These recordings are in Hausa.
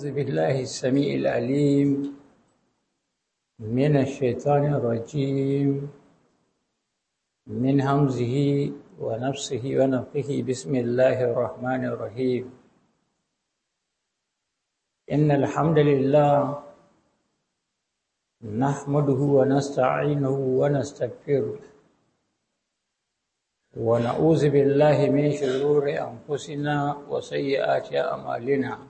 أعوذ بالله السميع العليم من الشيطان الرجيم من همزه ونفسه ونفقه بسم الله الرحمن الرحيم إن الحمد لله نحمده ونستعينه ونستغفره ونعوذ بالله من شرور أنفسنا وسيئات أعمالنا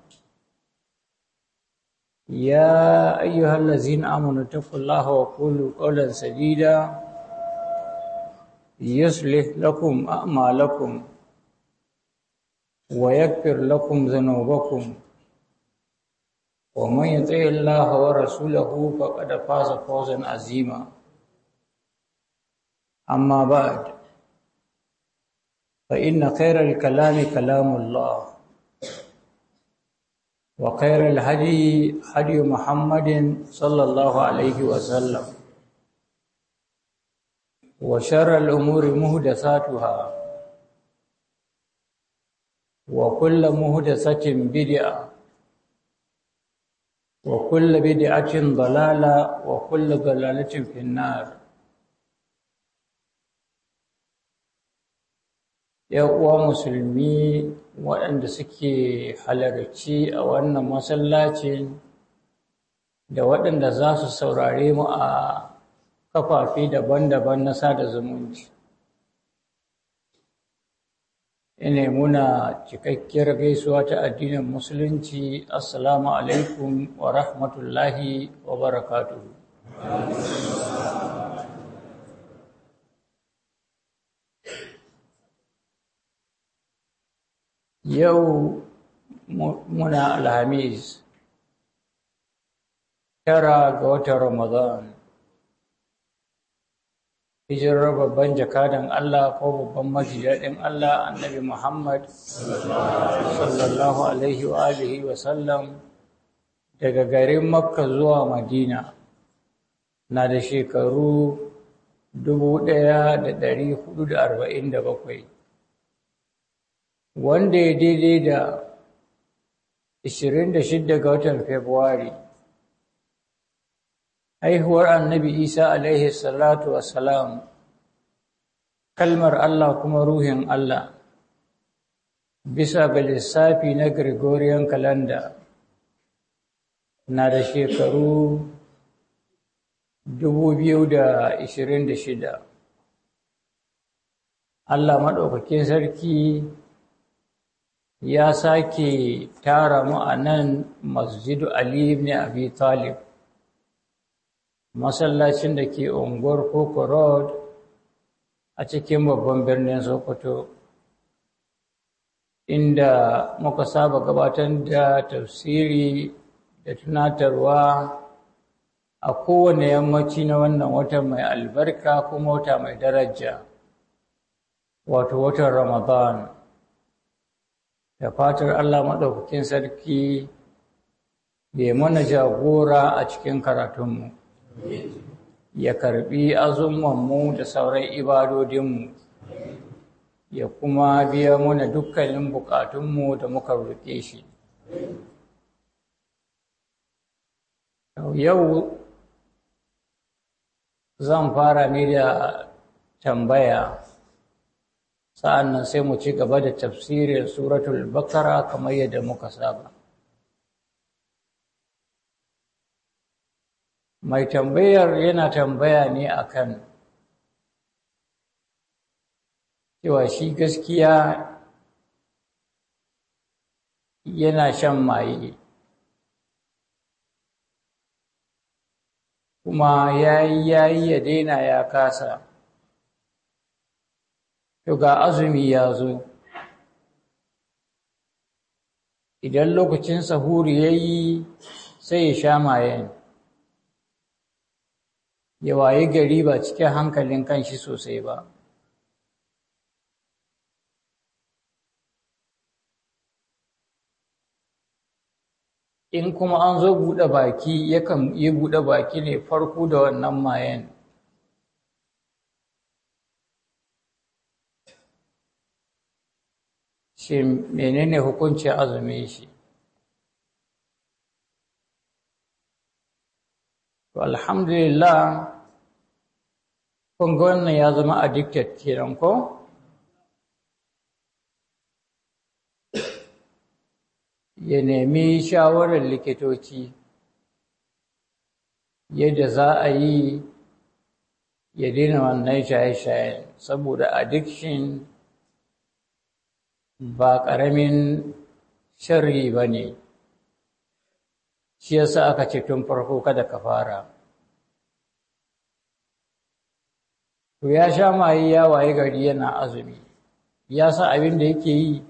يا أيها الذين آمنوا اتقوا الله وقولوا قولا سديدا يصلح لكم أعمالكم ويكفر لكم ذنوبكم ومن يطع الله ورسوله فقد فاز فوزا عظيما أما بعد فإن خير الكلام كلام الله وخير الهدي هدي محمد صلى الله عليه وسلم وشر الأمور مهدساتها وكل مهدسة بدعة وكل بدعة ضلالة وكل ضلالة في النار uwa musulmi waɗanda suke halarci a wannan masallacin da waɗanda za su saurare mu a kafafi daban-daban na sada zumunci. Ine muna cikakkiyar gaisuwa ta addinin Musulunci, Assalamu alaikum wa rahmatullahi wa barakatuhu. yau muna alhamis tara ga watan ramadan hijirar babban jakadan Allah ko babban majiyadin Allah annabi Muhammad sallallahu alaihi wa alihi wa sallam daga garin Makka zuwa Madina na da shekaru 1447 wanda ya daidai da 26 ga watan Fabrairu. Haihuwar annabi Isa alaihi salatu wasalam, kalmar Allah kuma ruhin Allah, bisa ga lissafi na Gregorian kalanda. na da shekaru 2026. Allah maɗaukakin sarki ya sake tara mu a nan masjidu Ali ibn Abi Talib masallacin da ke unguwar Koko Road a cikin babban birnin Sokoto inda muka saba gabatar da tafsiri da tunatarwa a kowane yammaci na wannan wata mai albarka kuma wata mai daraja wato watan Ramadan. da fatar Allah maɗaukakin sarki ya mana jagora a cikin karatunmu ya karbi azumanmu da sauran ibadodinmu ya kuma biya mana dukkanin bukatunmu da muka roƙe shi yau zan fara ne da tambaya sa'an nan sai mu ci gaba da tafsirin suratul bakara kamar yadda muka saba mai tambayar yana tambaya ne akan cewa shi gaskiya yana shan maye kuma ya yi ya daina ya kasa To ga azumi ya zo, idan lokacin sahuri ya yi sai ya sha mayen, ya waye gari ba cikin hankalin kanshi sosai ba. In kuma an zo buɗe baki, yakan yi buɗe baki ne farko da wannan mayen. shi menene hukunci azumin shi To alhamdulillah kun ga ya zama addicted kiran ko ya nemi shawarar likitoci yadda za a yi ya daina wannan shaye shaye saboda addiction ba ƙaramin sharri ba ne shi yasa aka ce tun farko kada ka fara to ya sha maye ya waye gari yana azumi ya sa abin da yake yi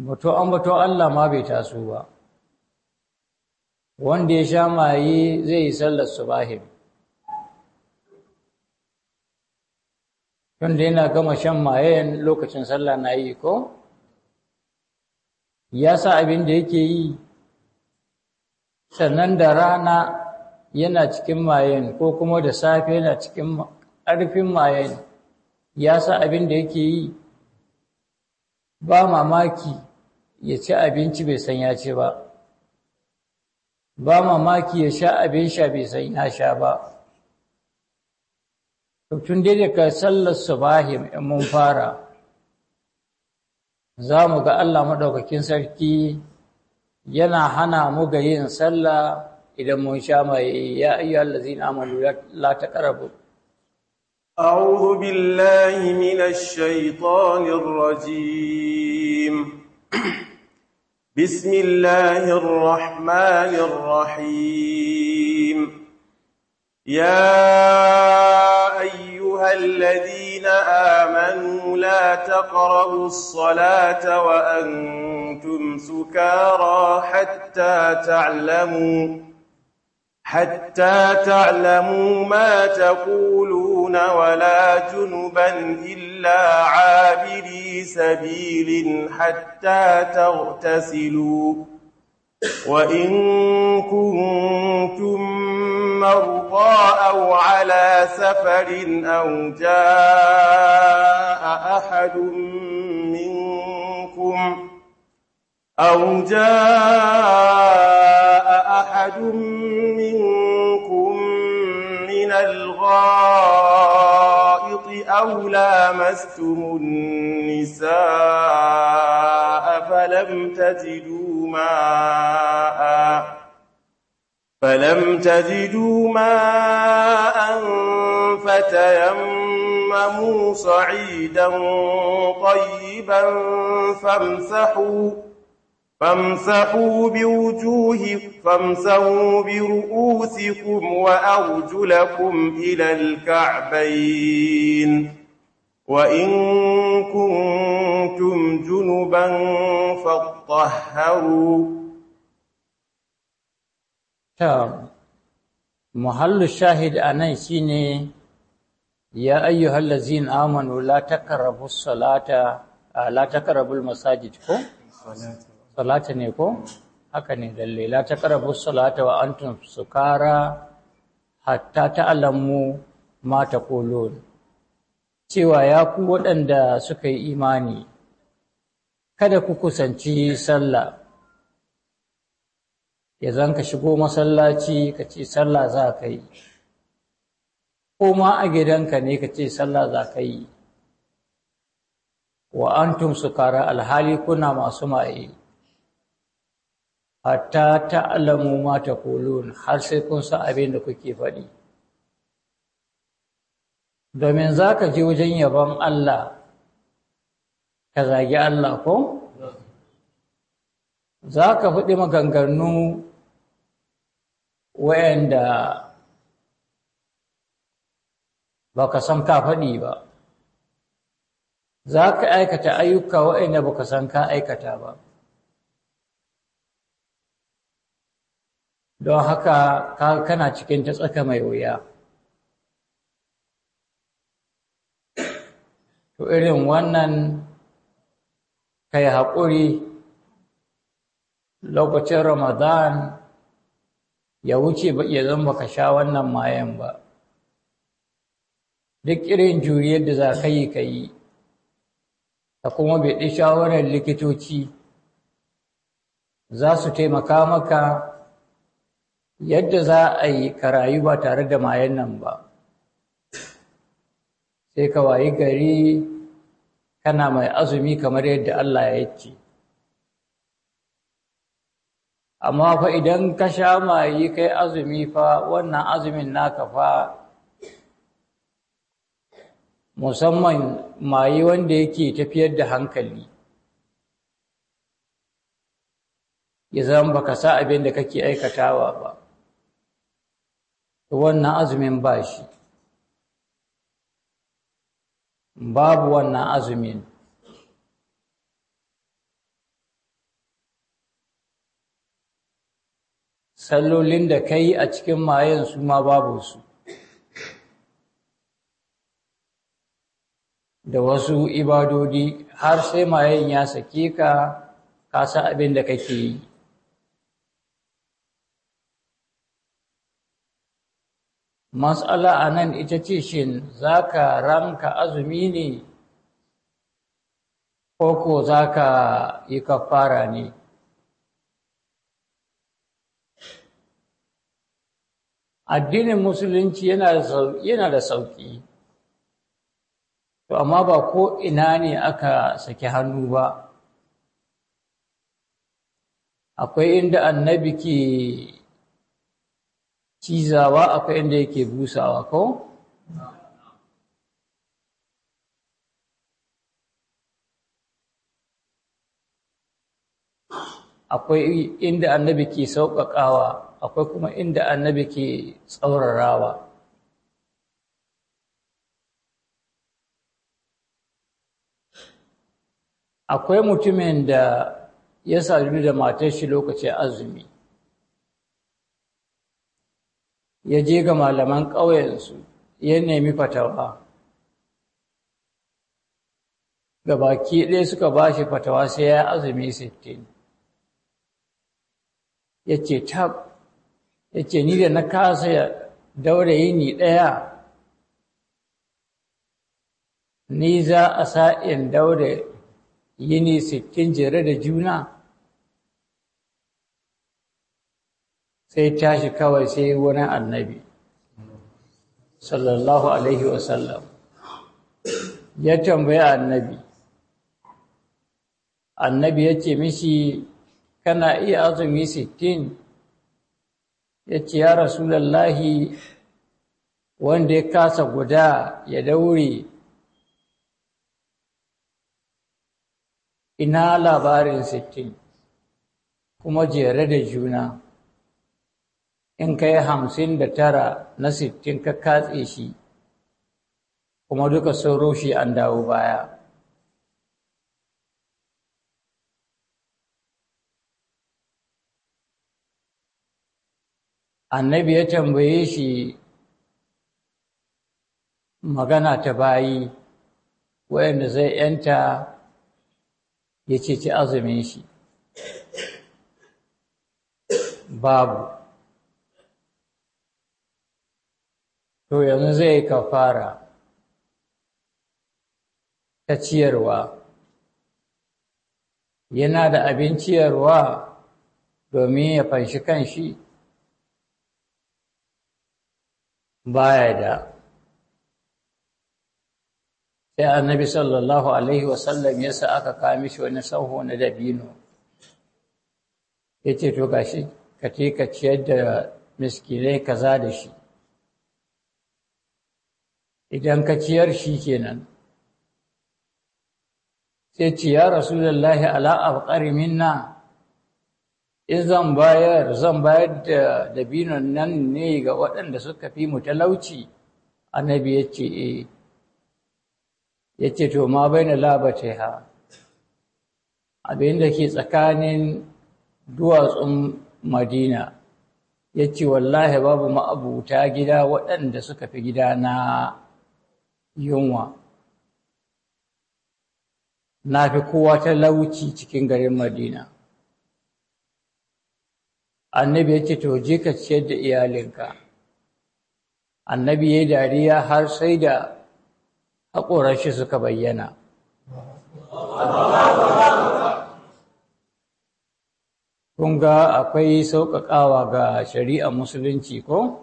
mutu an bato Allah ma bai taso ba wanda ya sha maye zai yi sallar subahim tunda yana gama shan mayen lokacin sallah na yi ko ya sa abin da yake yi sannan da rana yana cikin mayen ko kuma da safe yana cikin ƙarfin mayen ya sa abin da yake yi ba mamaki ya ci abinci bai san ya ce ba ba mamaki ya sha abin sha bai san ya sha ba to tun dai daga sallar subahi mun fara za mu ga Allah maɗaukakin sarki yana hana mu ga yin sallah idan mun sha mai ya ayyuhal ladzina amanu la taqrabu أعوذ بالله من الشيطان الرجيم بسم الله الرحمن الرحيم يا أيها الذين آمنوا لا تقربوا الصلاة وأنتم سكارى حتى تعلموا حتى تعلموا ما تقولون ولا جنبا إلا عابري سبيل حتى تغتسلوا وَإِن كُنتُم مَّرْضَىٰ أَوْ عَلَىٰ سَفَرٍ أَوْ جَاءَ أَحَدٌ مِّنكُم أَوْ جَاءَ أَحَدٌ مِّنكُم مِّنَ الغار أو لامستم النساء فلم تجدوا ماءً فلم تجدوا ماء فتيمموا صعيدا طيبا فامسحوا فامسحوا بوجوهكم فامسحوا برؤوسكم وأرجلكم إلى الكعبين وإن كنتم جنبا فاطهروا محل الشاهد أنا سيني يا أيها الذين آمنوا لا تقربوا الصلاة آه، لا تقربوا المساجد صلاة salata ne ko haka ne lalle la taqrabu salata wa antum sukara hatta ta'lamu ma taqulun cewa ya ku waɗanda suka yi imani kada ku kusanci sallah ya zan ka shigo masallaci ka ce sallah za ka yi ko ma a gidanka ne ka ce sallah za ka yi wa antum sukara alhali kuna masu maye hatta alamu ma kolon har sai kun san abin da kuke faɗi domin za ka je wajen yabon Allah ka zagi Allah ko Za ka faɗi maganganu wayanda ka san ka faɗi ba Za ka aikata ayyuka wayanda ka san ka aikata ba don haka ka kana cikin ta tsaka mai wuya to irin wannan kai haƙuri lokacin ramadan ya wuce ba iya zama ka sha wannan mayan ba duk irin juriyar da za ka yi ka yi ta kuma bai ɗi shawarar likitoci za su taimaka maka yadda za a yi ka ba tare da mayan nan ba sai ka wayi gari kana mai azumi kamar yadda Allah ya ce amma fa idan ka sha mayi kai azumi fa wannan azumin naka fa musamman mayi wanda yake tafiyar da hankali ya zama baka sa abin da kake aikatawa ba to wannan azumin ba shi babu wannan azumin sallolin da ka a cikin mayan su ma babu su da wasu ibadodi har sai mayan ya sake ka kasa abin da kake yi Matsala a nan ita ce shin za ka ranka azumi ne ko ko za ka yi kafara ne. Addinin Musulunci yana da sauƙi, to amma ba ko ina ne aka saki hannu ba. Akwai inda annabi ke cizawa akwai inda yake busawa ko akwai inda annabi ke sauƙaƙawa akwai kuma inda annabi ke tsaurarawa akwai mutumin da ya sadu da matar shi lokacin azumi ya je ga malaman ƙauyensu ya nemi fatawa ga baki ɗaya suka ba shi fatawa sai ya azumi sittin ya ce tab ya ce ni da na kasa ya daure yini ɗaya ni za a sa'in daure yini sittin jere da juna sai tashi kawai sai wurin annabi sallallahu alaihi wasallam ya tambayi annabi annabi ya ce mishi kana iya azumi sittin ya ce ya rasulallahi wanda ya kasa guda ya daure ina labarin sittin kuma jere da juna in ka yi hamsin da tara na sittin ka katse shi kuma duka sauro shi an dawo baya annabi ya tambaye shi magana ta bayi wayanda zai yanta ya ceci azumin shi babu to yanzu zai ka fara ta ciyarwa yana da abin ciyarwa domin ya fanshi kanshi baya da sai annabi sallallahu alaihi wasallam ya sa aka kame shi wani sauho na dabino ya ce to gashi ka ce ka ciyar da miskinai kaza da shi idan ka ciyar shi kenan sai ce ya rasulullahi ala afqari minna in zan bayar zan bayar da dabinon nan ne ga waɗanda suka fi mu talauci annabi ya ce e ya ce to ma bai na labatai ha abin da ke tsakanin duwatsun madina ya ce wallahi babu ma'abuta gida waɗanda suka fi gida na yunwa na fi kowa talauci cikin garin madina annabi ya ce to je ka ciyar da iyalinka annabi ya dariya har sai da haƙoran shi suka bayyana kun ga akwai sauƙaƙawa ga shari'a musulunci ko?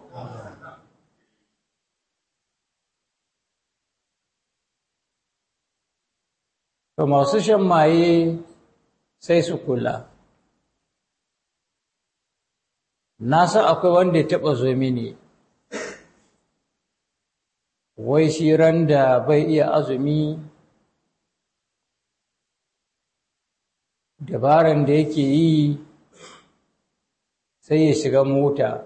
to masu shan maye sai su kula na san akwai wanda ya taɓa zo mini wai shi ran da bai iya azumi dabaran da yake yi sai ya shiga mota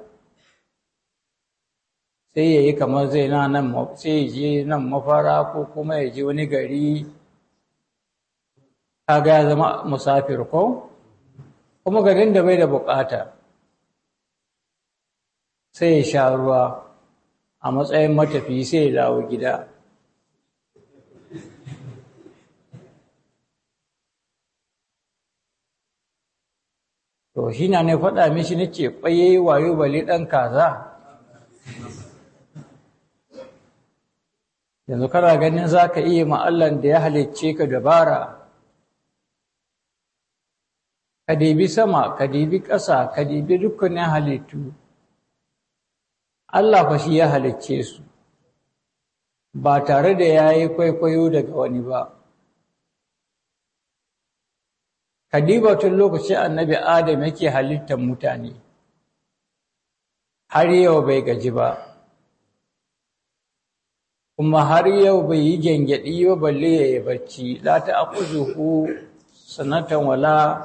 sai ya yi kamar zai na nan sai ya je nan mafara ko kuma ya je wani gari kaga ya zama musafir ko kuma garin da bai da bukata sai ya sha ruwa a matsayin matafi sai ya dawo gida to shi na ne faɗa mishi na ce ɓaye wayo bali ɗan kaza yanzu kana ganin za ka iya ma'allan da ya halicce ka dabara Ka ɗibi sama, ka ɗibi ƙasa, ka ɗibi dukkanin halittu. Allah fa shi ya halicce su, ba tare da ya yi kwaikwayo daga wani ba. Ka diba tun lokacin annabi Adam yake halittar mutane, har yau bai gaji ba, kuma har yau bai yi gyangyaɗi ba balle ya yi bacci, za ta aku sanatan wala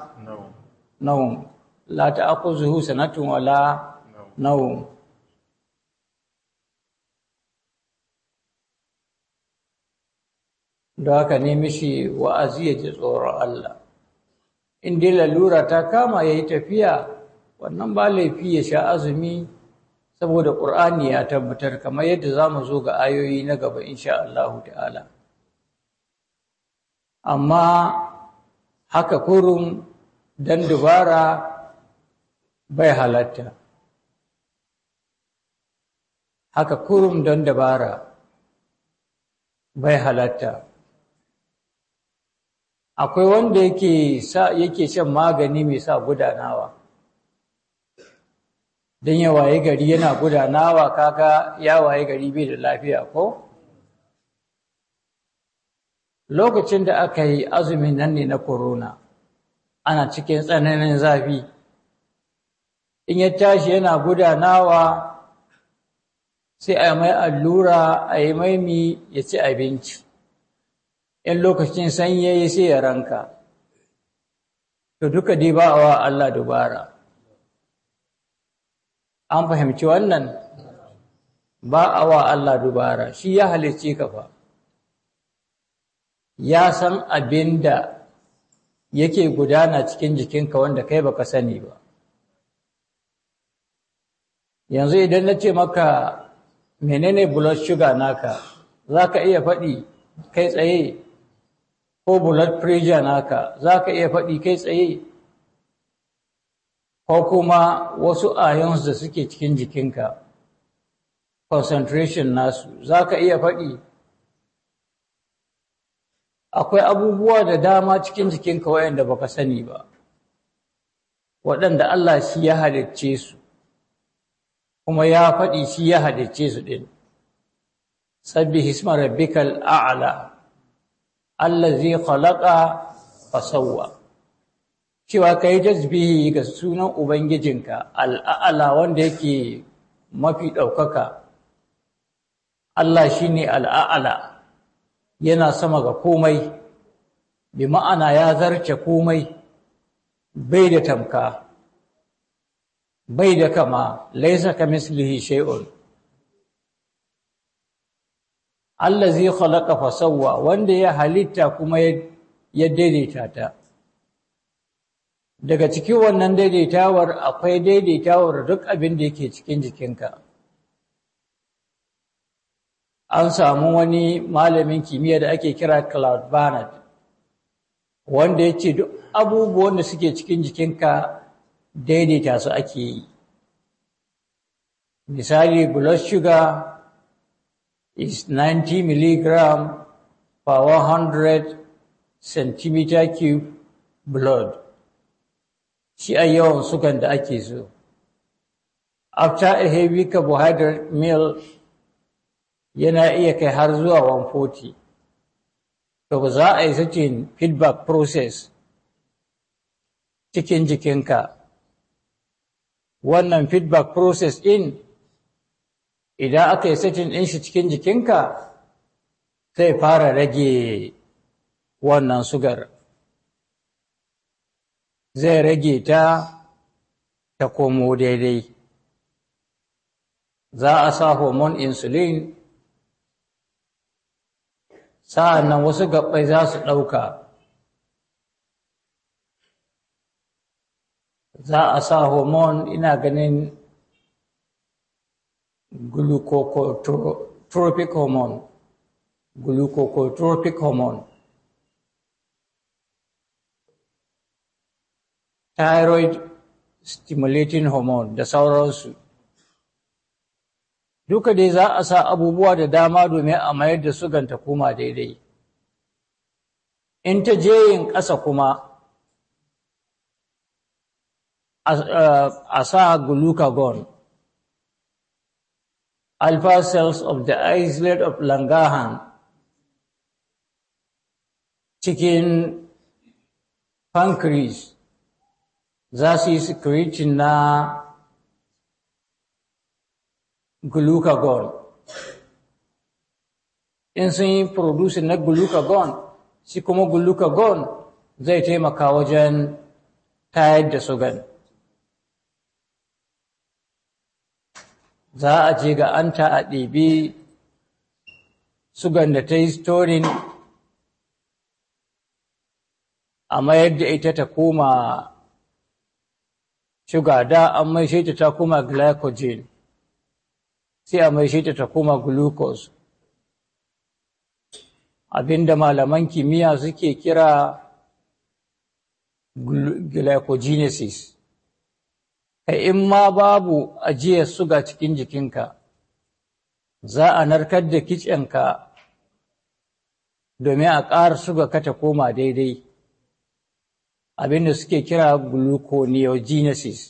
nawm la ta'khuzuhu sanatan wala nawm da haka ne mishi wa'azi ya ji tsoron Allah in dai lalura ta kama yayi tafiya wannan ba laifi ya sha azumi saboda ƙur'ani ya tabbatar kamar yadda za mu zo ga ayoyi na gaba insha Allah ta'ala amma haka kurum don dubara bai halatta haka kurum don dabara bai halatta akwai wanda yake shan magani mai sa gudanawa dan ya waye gari yana gudanawa kaga ya waye gari bai da lafiya ko lokacin da aka yi azumin nan ne na korona, ana cikin tsananin zafi in ya tashi yana gudanawa sai a mai allura a yi maimi ya ci abinci in lokacin sanyi sai ya ranka to duka dai ba wa Allah dubara an fahimci wannan ba a wa Allah dubara shi ya halicci ka fa ya san abin da yake gudana cikin jikinka wanda kai baka sani ba yanzu idan na ce maka menene blood sugar naka za ka iya faɗi kai tsaye ko blood pressure naka za ka iya faɗi kai tsaye ko kuma wasu ions da suke cikin jikinka concentration nasu za ka iya faɗi akwai abubuwa da dama cikin jikinka wayanda baka sani ba waɗanda Allah shi ya halicce su kuma ya faɗi shi ya halicce su ɗin sabbi hisma rabbikal a'la allazi khalaqa sawwa cewa kai jazbihi ga sunan ubangijinka al'ala wanda yake mafi ɗaukaka Allah shine al'a'ala yana sama ga komai bi ma'ana ya zarce komai bai da tamka bai da kama laisa ka mislihi shay'un allazi khalaqa fa sawwa wanda ya halitta kuma ya daidaita ta daga cikin wannan daidaitawar akwai daidaitawar duk abin da yake cikin jikinka an samu wani malamin kimiyya da ake kira Claude Barnard wanda ya ce duk abubuwan da suke cikin jikinka daidaita su ake yi misali blood sugar is 90 milligram per 100 centimeter cube blood shi a yawan sukan da ake so after a heavy carbohydrate meal yana iya kai har zuwa 140 to ba za a yi sakin feedback process cikin jikinka wannan feedback process in idan aka yi sakin ɗin shi cikin jikinka sai fara rage wannan sugar zai rage ta ta komo daidai za a sa hormone insulin sa'an nan wasu gabbai za su ɗauka za a sa hormone ina ganin glucocotropic hormone glucocotropic hormone thyroid stimulating hormone da sauransu duka dai za a sa abubuwa da dama domin a mayar da su ganta koma daidai in ta je yin ƙasa kuma a sa glucagon alpha cells of the islet of langahan cikin pancreas za su yi na glucagon in sun yi producing na glucagon shi kuma glucagon zai taimaka wajen tayar da sugan za a je ga an ta a sugan da ta yi storin a mayar da ita ta koma shuga da an mai ta ta koma glycogen sai a maishe ta ta koma glucose abinda malaman kimiyya suke kira glycogenesis ka in ma babu ajiyar suga cikin jikinka za a narkar da kicinka domin a ƙara suga ka ta koma daidai abinda suke kira gluconeogenesis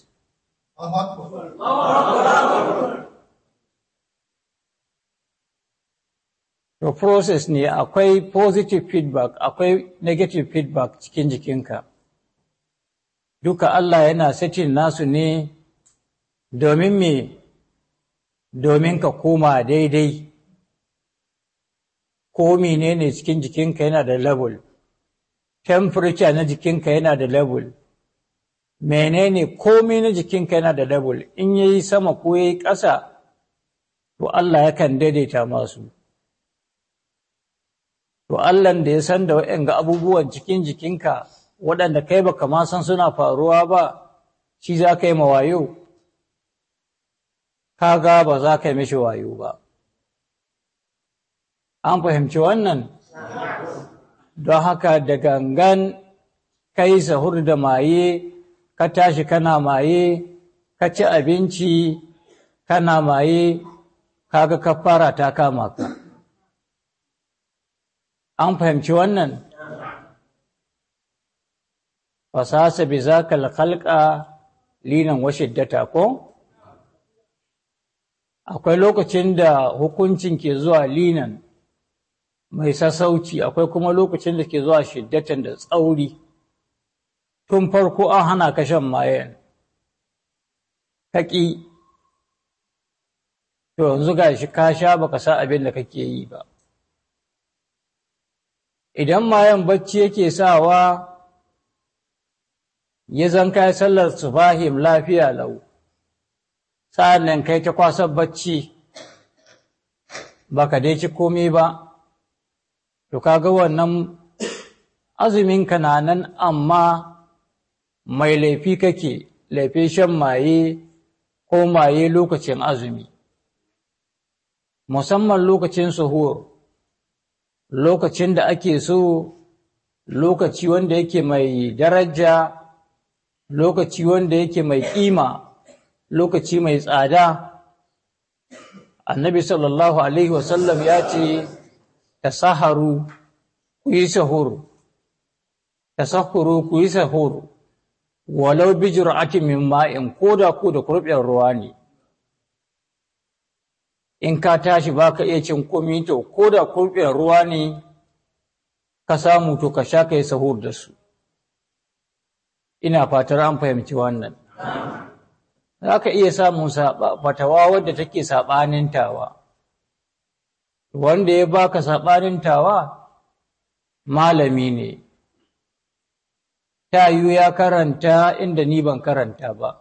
To process ne akwai positive feedback akwai negative feedback cikin jikinka. Duka Allah yana setting nasu ne domin me domin ka koma daidai. Ko menene cikin jikinka yana da level, temperature na jikinka yana da level, menene komai na jikinka yana da level, in yayi sama ko yayi ƙasa, to Allah yakan daidaita masu. to Allahn da ya san da ga abubuwan cikin jikinka waɗanda kai ba ma san suna faruwa ba shi za ka yi mawayo ga ba za ka yi mishi wayo ba an fahimci wannan don haka da gangan kai sahur da maye ka tashi kana maye ka ci abinci kana maye ka kaga kafara ta kama ka an fahimci wannan fasasa bi ka lalƙa linan wa shiddata ko akwai lokacin da hukuncin ke zuwa linan mai sassauci akwai kuma lokacin da ke zuwa shiddatan da tsauri tun farko an hana ka shan mayan kaƙi to yanzu ga shi ka sha baka sa abin da kake yi ba idan mayan bacci yake sawa ya zan kai sallar subahim lafiya lau sa'an nan kai ta kwasar bacci baka dai ci komai ba to ga wannan azumin na nan amma mai laifi kake laifin shan maye ko maye lokacin azumi musamman lokacin suhur lokacin da ake so lokaci wanda yake mai daraja lokaci wanda yake mai ƙima, lokaci mai tsada annabi sallallahu alaihi wasallam ya ce tasaharu ku yi sahur tasahuru ku yi sahur walau bijir min ma'in koda ko da kurbiyar ruwa ne in ka tashi ba ka iya cin komi to ko da kurɓin ruwa ne ka samu to ka sha ka yi sahur da su ina fatar an fahimci wannan za ka iya samun fatawa wadda take saɓanin tawa wanda ya baka saɓanin tawa malami ne ta yiwu ya karanta inda ni ban karanta ba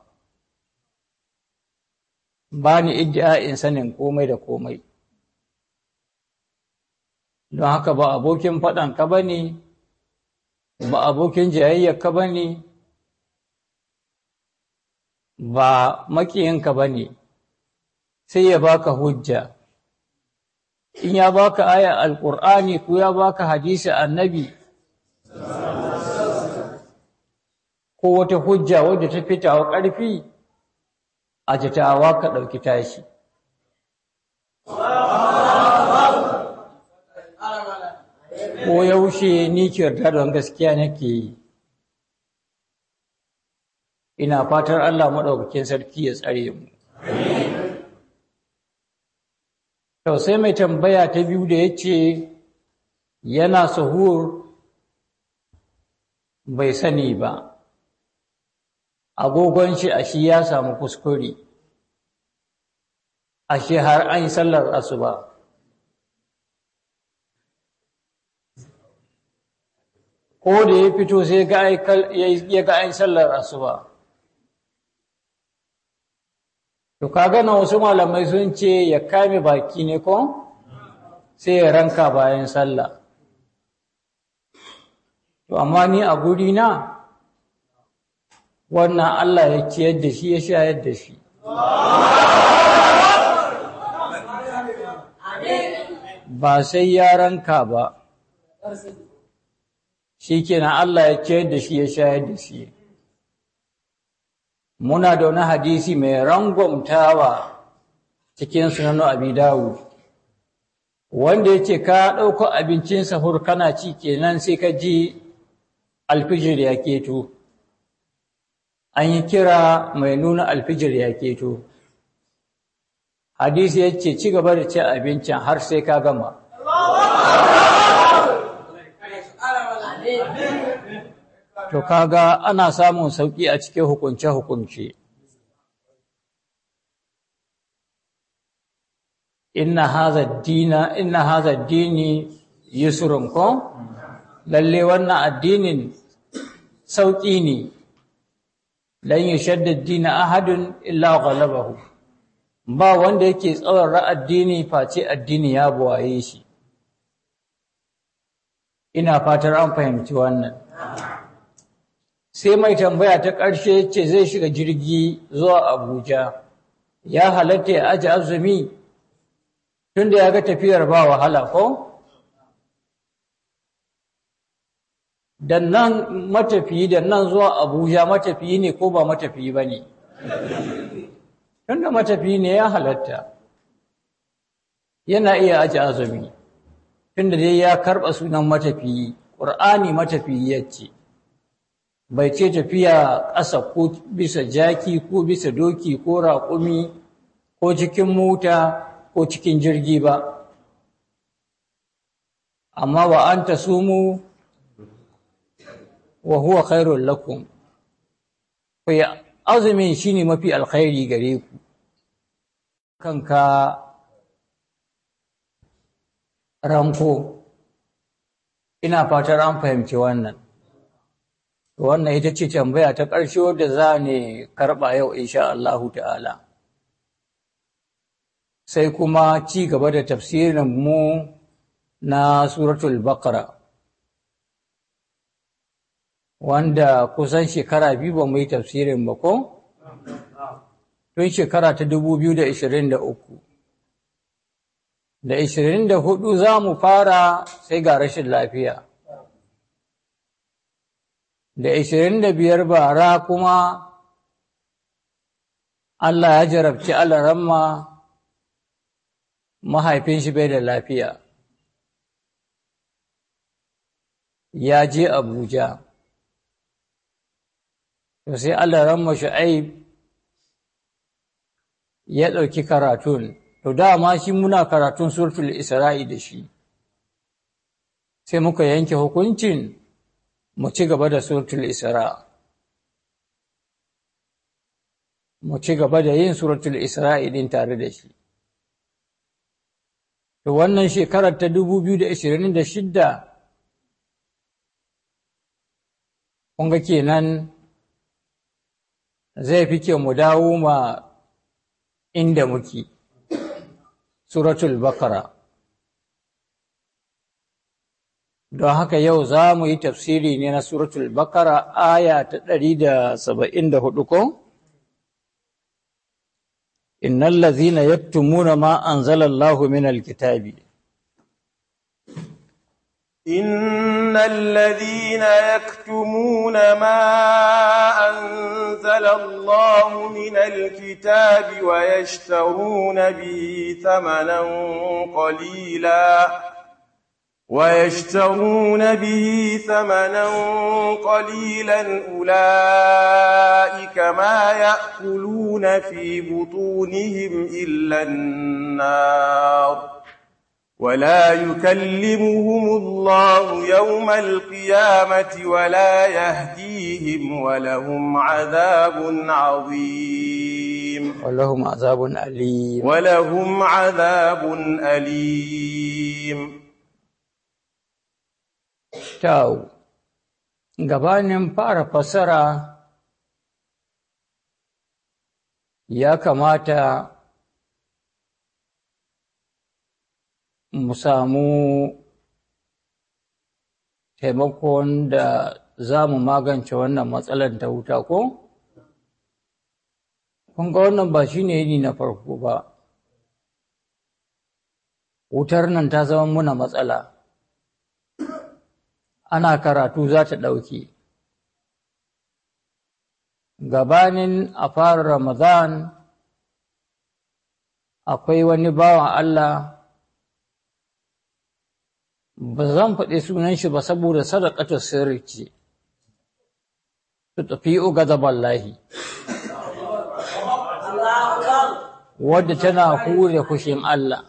ba ni in sanin komai da komai don haka ba abokin faɗanka ba ne ba abokin ka ba ne ba maƙiyinka ba ne sai ya baka hujja in ya baka aya alƙur'ani ko ya baka hadisi annabi ko wata hujja wadda ta fitawa ƙarfi a jitawa ka ɗauki tashi ko yaushe ni ke yarda don gaskiya nake yi ina fatar Allah maɗaukakin sarki ya tsare mu to sai mai tambaya ta biyu da ya ce yana sahur bai sani ba agogon shi a shi ya samu kuskure a shi har an yi sallar asuba ko da ya fito sai ya ga an sallar asuba to kaga na wasu malamai sun ce ya kame baki ne ko sai ya ranka bayan sallah to amma ni a guri na wannan Allah ya ciyar da shi ya shayar da shi ba sai yaranka ba shi kenan Allah ya ciyar da shi ya shayar da shi muna da wani hadisi mai rangwamtawa cikin sunanu abi wanda ya ce ka ɗauko abincin sahur kana ci kenan sai ka ji alfijir ya keto an yi kira mai nuna alfijir ya keto hadisi ya ce ci gaba da ci abincin har sai ka gama to kaga ana samun sauki a cikin hukunce-hukunce inna haza dina inna haza dini yusurun ko lalle wannan addinin sauki ne lan yushadda ad-dina ahadun illa ghalabahu ba wanda yake tsawon ra'addini face addini ya buwaye shi ina fatar an fahimci wannan sai mai tambaya ta ƙarshe ce zai shiga jirgi zuwa Abuja ya halatta ya aji azumi tunda ya ga tafiyar ba wahala ko da nan matafiyi da nan zuwa abuja matafiyi ne ko ba matafiyi ba ne tunda matafiyi ne ya halatta yana iya aji azumi tunda dai ya karɓa sunan matafiyi ƙur'ani matafiyi ya ce bai ce tafiya ƙasa ko bisa jaki ko bisa doki ko raƙumi ko cikin mota ko cikin jirgi ba amma ba an ta sumu wa huwa khairul lakum ya azumin shine mafi alkhairi gare ku kanka Ramko. ina fatar an fahimci wannan wannan ita ce tambaya ta ƙarshe da za ne karɓa yau insha Allahu ta'ala sai kuma ci gaba da tafsirin mu na suratul baqara wanda kusan shekara biyu ba mu yi tafsirin ba ko? Tun shekara ta 2023. Da 24 za mu fara sai ga rashin lafiya. Da 25 bara kuma Allah ya jarabci alaramma mahaifin shi bai da lafiya. Ya je Abuja. to sai Allah ramma shu'aib ya ɗauki karatun to dama shi muna karatun suratul isra'i da shi sai muka yanke hukuncin mu ci gaba da suratul isra mu ci gaba da yin suratul isra'i din tare da shi to wannan shekarar ta 2026 kun ga kenan zai fi ke mu dawo ma inda muke suratul bakara don haka yau za mu yi tafsiri ne na suratul bakara aya ta ɗari da saba'in da hudu ko? innan lazina yattumuna ma an zalallahu min alkitabi إن الذين يكتمون ما أنزل الله من الكتاب ويشترون به ثمنا قليلا ويشترون به ثمنا قليلا أولئك ما يأكلون في بطونهم إلا النار ولا يكلمهم الله يوم القيامة ولا يهديهم ولهم عذاب عظيم ولهم عذاب أليم ولهم عذاب أليم تاو gabanin fara fasara يا كماتا mu samu taimakon da za mu magance wannan matsalar ta wuta ko? Kunga wannan ba shi ne yini na farko ba. Wutar nan ta zama muna matsala. Ana karatu za ta ɗauki. Gabanin a fara Ramadan akwai wani bawan Allah ba zan faɗi sunan shi ba saboda sadaƙata sirri ce tutfi'u ghadaballahi wadda tana hure kushin Allah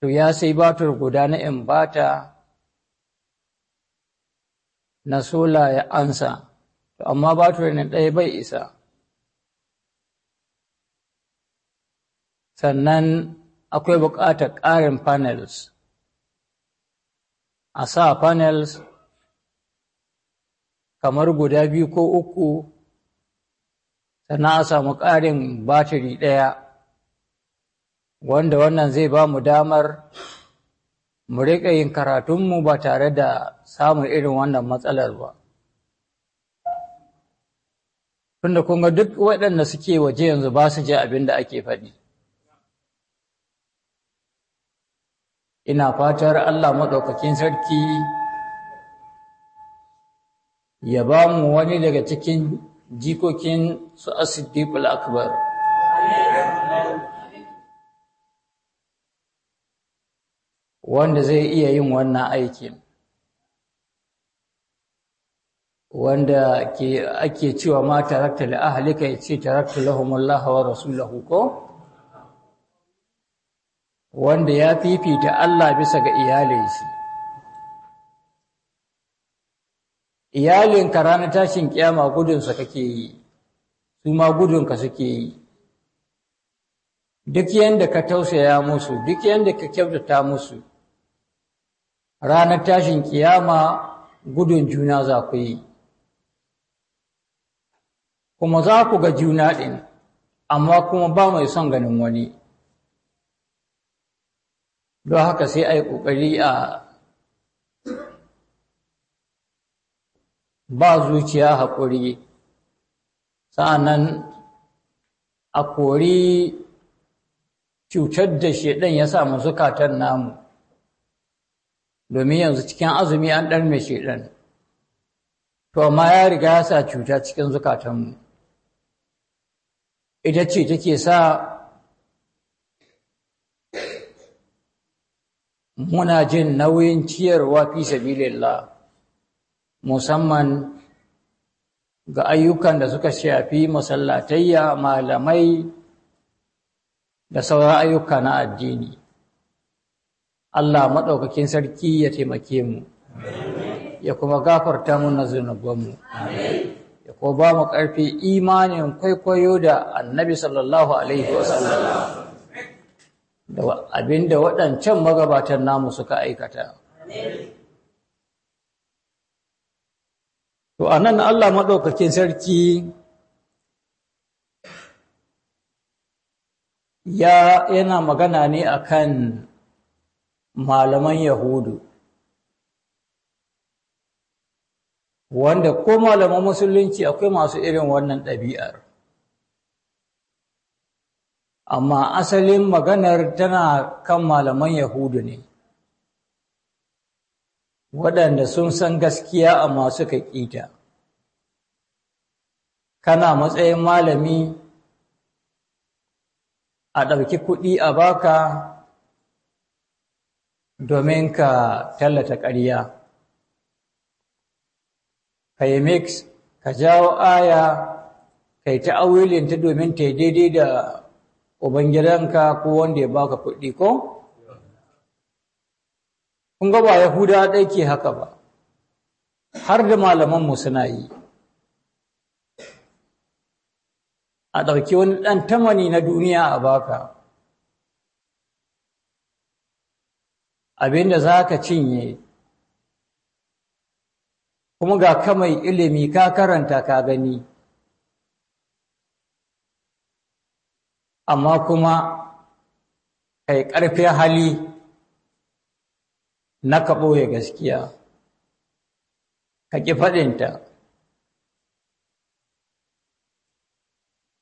to ya sai batur guda na in bata na sola ya ansa to amma batur ne ɗaya bai isa sannan akwai buƙatar ƙarin panels a sa panels kamar guda biyu ko uku sannan a samu ƙarin batiri ɗaya wanda wannan zai ba mu damar mu riƙa yin karatunmu ba tare da samun irin wannan matsalar ba tunda kun duk waɗanda suke waje yanzu ba su je abin da ake faɗi ina fatar Allah maɗaukakin sarki ya ba mu wani daga cikin jikokin su asiddiqul akbar wanda zai iya yin wannan aikin wanda ke ake cewa ma tarakta li ahlika yace tarakta lahumullah wa rasulahu ko wanda ya fifita Allah bisa ga iyalinsa. iyalinka ranar tashin kyama gudunsa kake yi su ma gudunka suke yi duk yadda ka tausaya musu duk yadda ka kyautata musu ranar tashin kiyama gudun juna za ku yi kuma za ku ga juna ɗin amma kuma ba mai son ganin wani don haka sai a yi ƙoƙari a ba zuciya haƙuri sa'annan a kori cutar da shaidan ya samu zukatan namu domin yanzu cikin azumi an ɗarme shaidan to amma ya riga ya sa cuta cikin zukatanmu ita ce take sa muna jin nauyin ciyarwa fi sabilillah musamman ga ayyukan da suka shafi masallatayya malamai da sauran ayyuka na addini Allah maɗaukakin sarki ya taimake mu ya kuma gafarta mana zunubanmu ya kuma ba mu ƙarfi imanin kwaikwayo da annabi sallallahu alaihi wasallam da abinda waɗancan magabatan namu suka aikata to anan Allah maɗaukakin sarki ya yana magana ne akan malaman yahudu wanda ko malaman musulunci akwai masu irin wannan ɗabi'ar amma asalin maganar tana kan malaman yahudu ne waɗanda sun san gaskiya amma suka ƙita kana matsayin malami a ɗauki kuɗi a baka domin ka tallata ƙarya ka yi mix ka jawo aya ka yi ta domin ta daidai da ubangidanka ko wanda ya baka kuɗi ko kun ga ba yahuda ɗai ke haka ba har da malamanmu suna yi a ɗauki wani ɗan tamani na duniya a baka abinda za ka cinye kuma ga kamai ilimi ka karanta ka gani amma kuma kai ƙarfin hali na ka ɓoye gaskiya ka ƙi faɗinta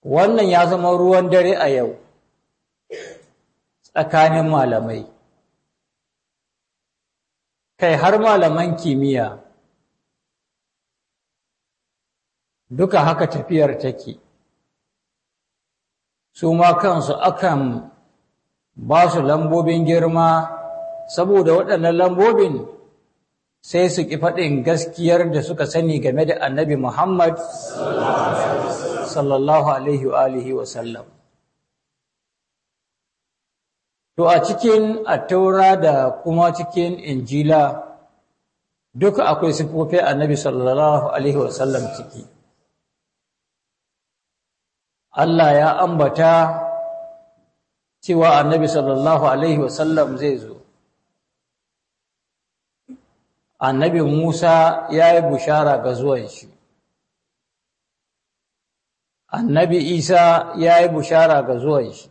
wannan ya zama ruwan dare a yau tsakanin malamai kai har malaman kimiyya duka haka tafiyar take su ma kansu akan ba su lambobin girma saboda waɗannan lambobin sai su ƙi faɗin gaskiyar da suka sani game da annabi Muhammad sallallahu alaihi wa wa sallam. To a cikin attaura da kuma cikin injila duka akwai siffofi annabi sallallahu alaihi wa sallam ciki. Allah ya ambata cewa annabi sallallahu alaihi wasallam zai zo annabi Musa ya yi bushara ga zuwan shi annabi Isa ya yi bushara ga zuwan shi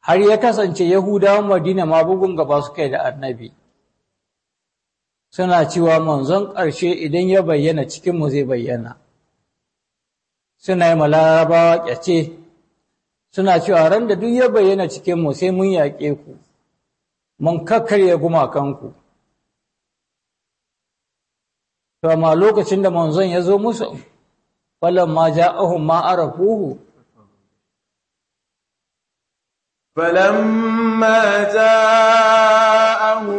har ya kasance Yahudawan Madina ma bugun gaba su kai da annabi suna cewa manzon ƙarshe idan ya bayyana cikinmu zai bayyana suna yi malarabawa ƙyace suna cewa ran da duk ya bayyana mu, sai mun yaƙe ku mun kakkarya gumakanku to amma lokacin da manzon ya zo musu falan ma ja'ahum ma arafuhu فلما جاءهم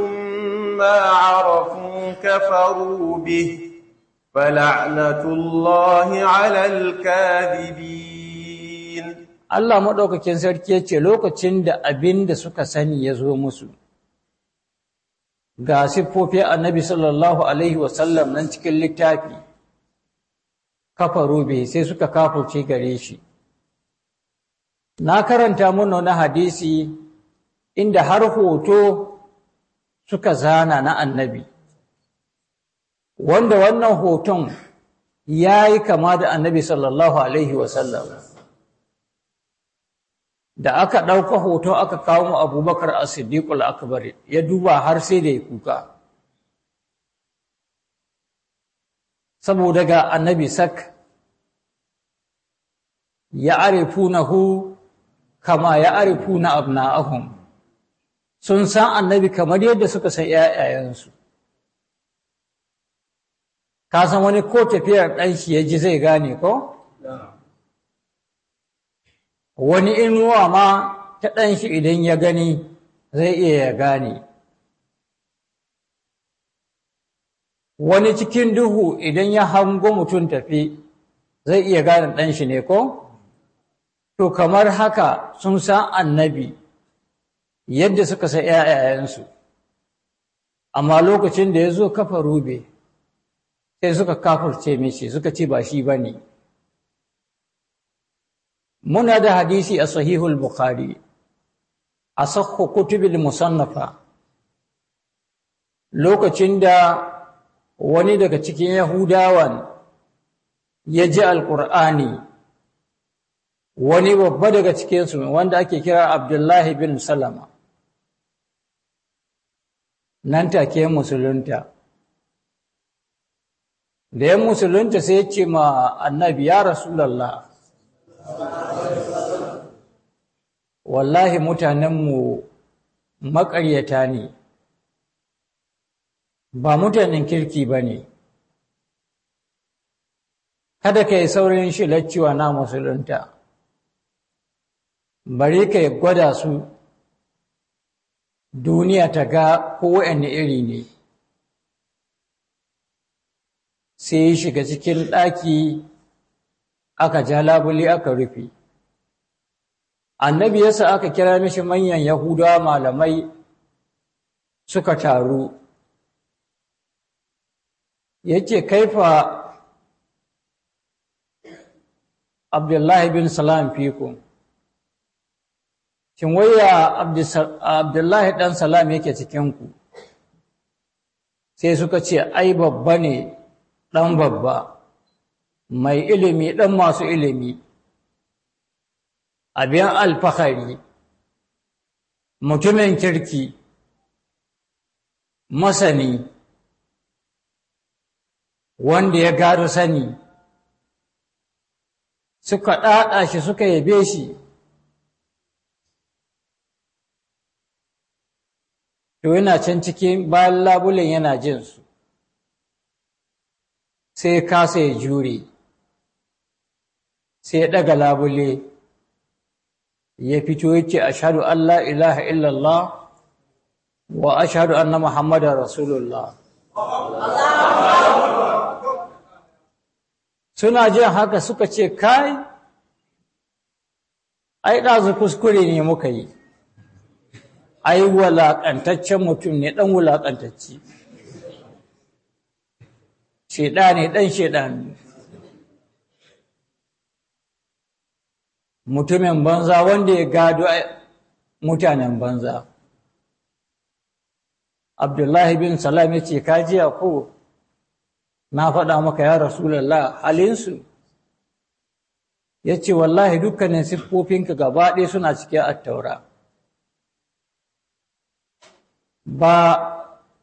ما عرفوا كفروا به فلعنة الله على Allah maɗaukakin sarki ya ce lokacin da abin da suka sani ya zo musu ga siffofi annabi sallallahu alaihi wasallam nan cikin littafi kafaro bai sai suka kafurce gare shi na karanta mana na hadisi inda har hoto suka zana na annabi wanda wannan hoton ya yi kama da annabi sallallahu alaihi wasallam da aka ɗauka hoton aka kawo mu abubakar a siddiƙul akabari ya duba har sai da ya kuka saboda ga annabi sak ya na Hu kama ya na ahun sun san annabi kamar yadda suka san 'ya'yayensu ka san wani ko tafiyar ɗan shi ya ji zai gane ko wani inuwa ma ta ɗan shi idan ya gani zai iya ya gane wani cikin duhu idan ya hango mutum tafi zai iya gane ɗan shi ne ko to kamar haka sun san annabi yadda suka sa ‘ya'yayensu amma lokacin da ya zo kafa rube sai suka kafirce mishi suka ce ba shi ba ne muna da hadisi a sahihul bukhari a sakko kutubil musannafa lokacin da wani daga cikin yahudawan ya ji alƙur'ani wani babba daga cikinsu wanda ake kira abdullahi bin salama nan take musulunta da 'yan musulunta sai ya ce ma annabi ya rasulallah wallahi mutanenmu maƙaryata ne ba mutanen kirki ba ne kada ka yi saurin shilacciwa na musulunta bari ka yi gwada su duniya ta ga kowane iri ne sai ya shiga cikin ɗaki aka ja labule aka rufe annabi yasa aka kira mishi manyan yahudawa malamai suka taru yake kaifa abdullahi bin salam fikun shin waya abdullahi dan salam yake cikinku sai suka ce ai babba ne ɗan babba mai ilimi ɗan masu ilimi abin alfahari mutumin kirki masani wanda ya gado sani suka ɗaɗa shi suka yabe shi to yana can cikin bayan labulen yana jinsu sai kasa ya jure sai ya ɗaga labule ya fito yake a an la ilaha illallah wa ashhadu anna muhammadar rasulullah suna jin haka suka ce kai ai ɗazu kuskure ne muka yi ai wulaƙantaccen mutum ne ɗan wulaƙantacci ne ɗan shedani mutumin banza wanda ya gado mutanen banza Abdullahi bin Salam ya ce kajiya ko na faɗa maka ya rasulallah halinsu ya ce wallahi dukkanin siffofinka gaba ɗaya suna cikin attaura ba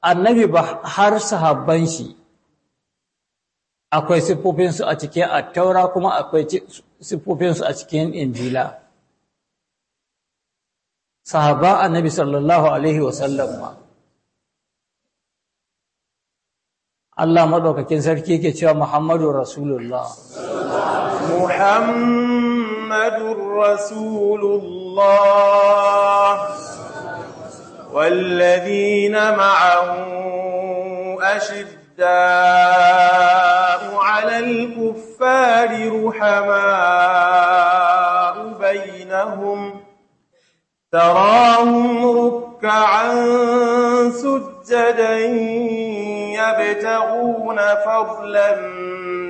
annabi ba har sahabban shi akwai siffofinsu a cikin attaura kuma akwai siffofinsu a cikin injila sahaba annabi sallallahu alaihi wasallam ma Allah madaukakin sarki yake cewa Muhammadu Rasulullah Muhammadu Rasulullah والذين معه أشداء على الكفار رحماء بينهم تراهم ركعا سجدا يبتغون فضلا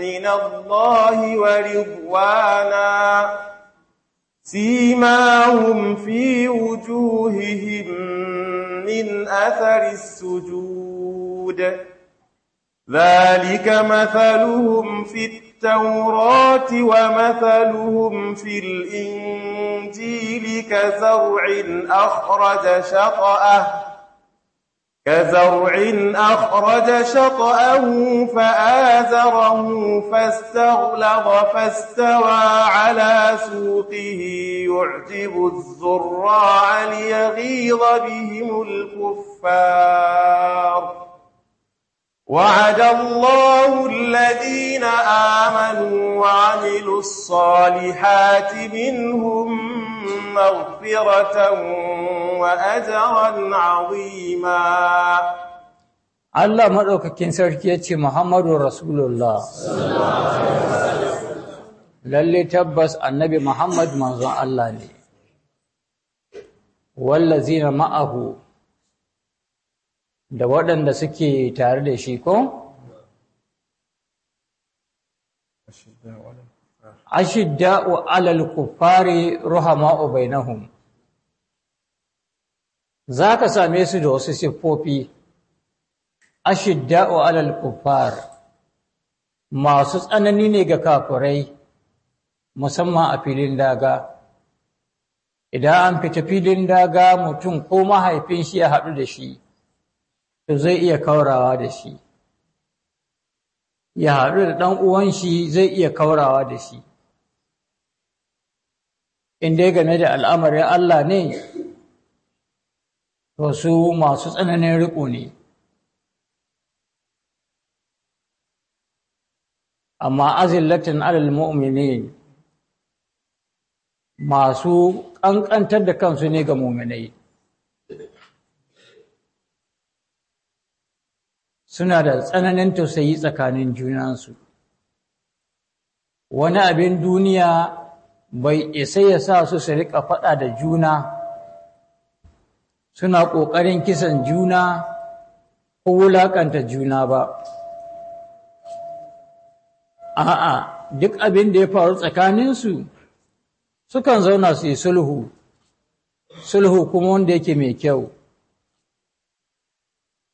من الله ورضوانا سيماهم في وجوههم من أثر السجود ذلك مثلهم في التوراة ومثلهم في الإنجيل كزرع أخرج شطأه كزرع أخرج شطأه فآزره فاستغلظ فاستوى على سوقه يعجب الزراع ليغيظ بهم الكفار وعد الله الذين آمنوا وعملوا الصالحات منهم مغفرة وأجرا عظيما Allah maɗaukakin sarki ya ce Muhammadu Rasulullah, Lallai tabbas annabi Muhammadu manzon Allah ne, wallazina ma'ahu da waɗanda suke tare da shi ko? ashidda'u alal kuffari ruhama'u Za ka same su da wasu siffofi ashidda'u alal kufar masu tsanani ne ga kafurai musamman a filin daga idan an fita filin daga mutum ko mahaifin shi ya haɗu da shi to zai iya kaurawa da shi ya haɗu da ɗan uwan shi zai iya kaurawa da shi in dai game da al'amarin Allah ne to su masu tsananin riƙo ne amma azillatin alal mu'minin masu ƙanƙantar da kansu ne ga muminai suna da tsananin tausayi tsakanin junansu wani abin duniya bai isa ya sa su su riƙa faɗa da juna suna ƙoƙarin kisan juna ko wulaƙanta juna ba a'a duk abin da ya faru tsakaninsu sukan zauna su yi sulhu sulhu kuma wanda yake mai kyau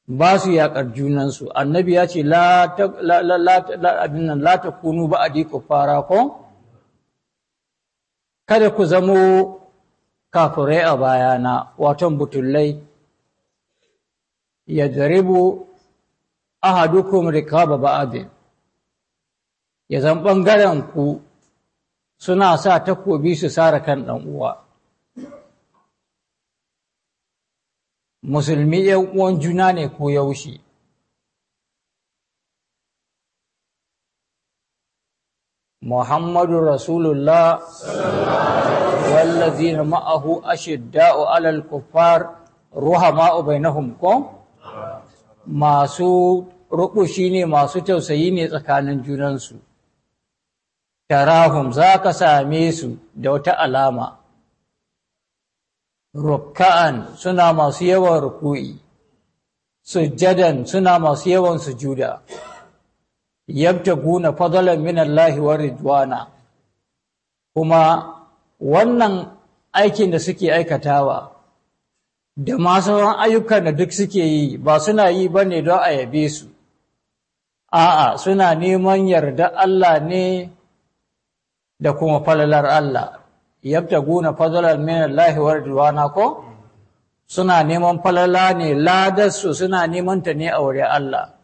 ba su yaƙar junansu annabi ya ce la ta kunu ba a diko fara ko kada ku zamo kafirai a bayana waton butullai ya daribu ahadukum rikaba ba'adin ya zan ɓangaren ku suna sa takobi su sara kan ɗan uwa musulmi ‘yan uwan juna ne ko yaushe. Muhammadu Rasulullah wallazi na ma'ahu ashidda'u alal kuffar ruhama'u bainahum ko? Masu rukushi ne masu tausayi ne tsakanin junansu. Tarahum za ka same su da wata alama. rukka'an suna masu yawan ruku'i sujjadan suna masu yawan sujuda yabtaguna fadlan min Allah wa ridwana kuma wannan aikin da suke aikatawa da masu ayyukan da duk suke yi ba suna yi bane don a yabe su a'a suna neman yarda Allah ne da kuma falalar Allah yabtaguna fadlan min Allah wa ridwana ko suna neman falala ne ladarsu suna neman ta ne a wurin Allah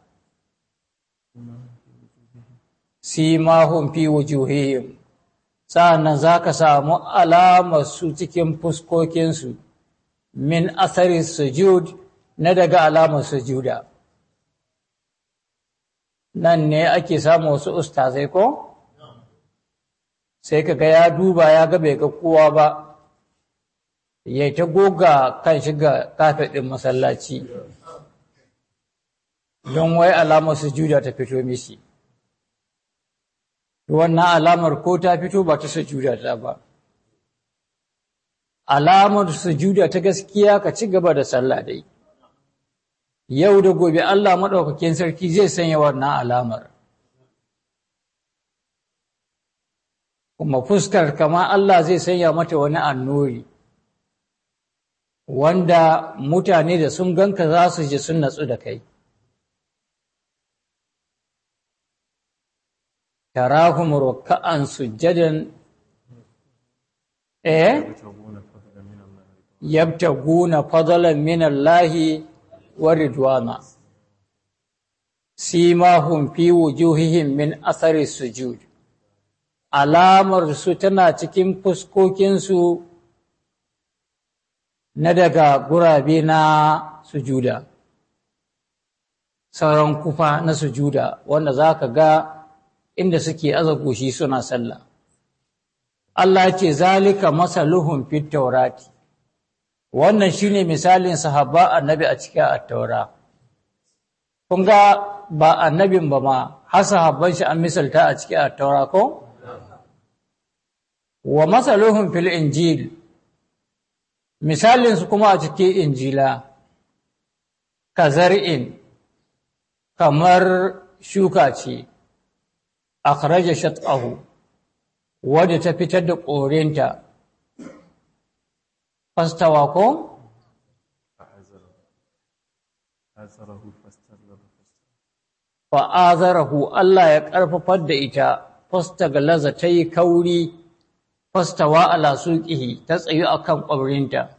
simahum fi wujuhihim sa'annan zaka samu alamar su cikin fuskokin su min asari sujud na daga alamar sujuda nan ne ake samu wasu ustazai ko sai ka ga ya duba ya ga bai ga kowa ba ya ta goga kan shiga kafet ɗin masallaci don wai alamar sujuda ta fito mishi wannan alamar ko ta fito ba ta sujuda ta ba alamar sujuda ta gaskiya ka ci gaba da sallah dai yau da gobe Allah maɗaukakin sarki zai sanya wannan alamar kuma fuskar kama Allah zai sanya mata wani annuri wanda mutane da sun ganka za su ji sun natsu da kai tarahum rukka'an sujjadan eh yabtaguna fadlan min Allah wa ridwana simahum fi wujuhihim min athari sujud alamar su tana cikin fuskokinsu na daga gurabe na sujuda sauran kufa na sujuda wanda za ka ga inda suke azagoshi suna sallah Allah ce zalika masaluhun fit taurati wannan shine misalin sahaba annabi a cikin attaura. kun ga ba annabin ba ma har sahabban shi an misalta a cikin attaura taura ko wa masaluhun fil injil misalin su kuma a cikin injila ka zari'in kamar shuka ce akhraja shat'ahu wadda ta fitar da korinta fastawa ko fa'azarahu Allah ya ƙarfafar da ita fastaglaza ta yi kauri fastawa ala suqihi ta tsayu akan kwabrinta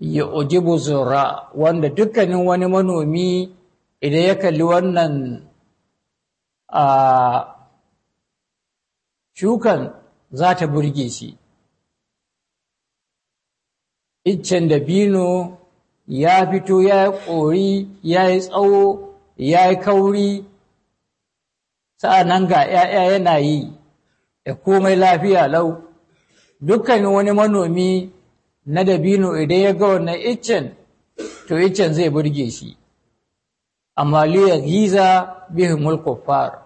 ya ujibu zura wanda dukkanin wani manomi idan ya kalli wannan a shukan za ta burge shi iccen Bino ya fito ya yi ƙori ya yi tsawo ya yi kauri sa'annan ga ‘ya'ya yana yi Ya komai lafiya lau dukkanin wani manomi na dabino idan ya ga wannan iccen to iccen zai burge shi amma liya giza bihimul kuffar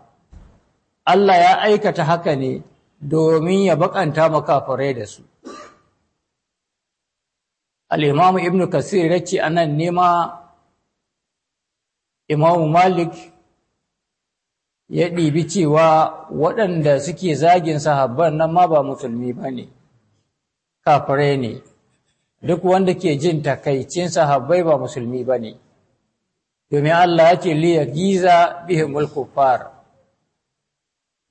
Allah ya aikata haka ne domin ya bakanta makafarai da su Alimamu ibn ibnu kasir yace anan nema imamu malik ya ɗibi cewa waɗanda suke zagin sahabban nan ma ba musulmi ba ne kafirai ne duk wanda ke jin takaicin sahabbai ba musulmi ba ne domin Allah ya ce liya giza bihimul fara.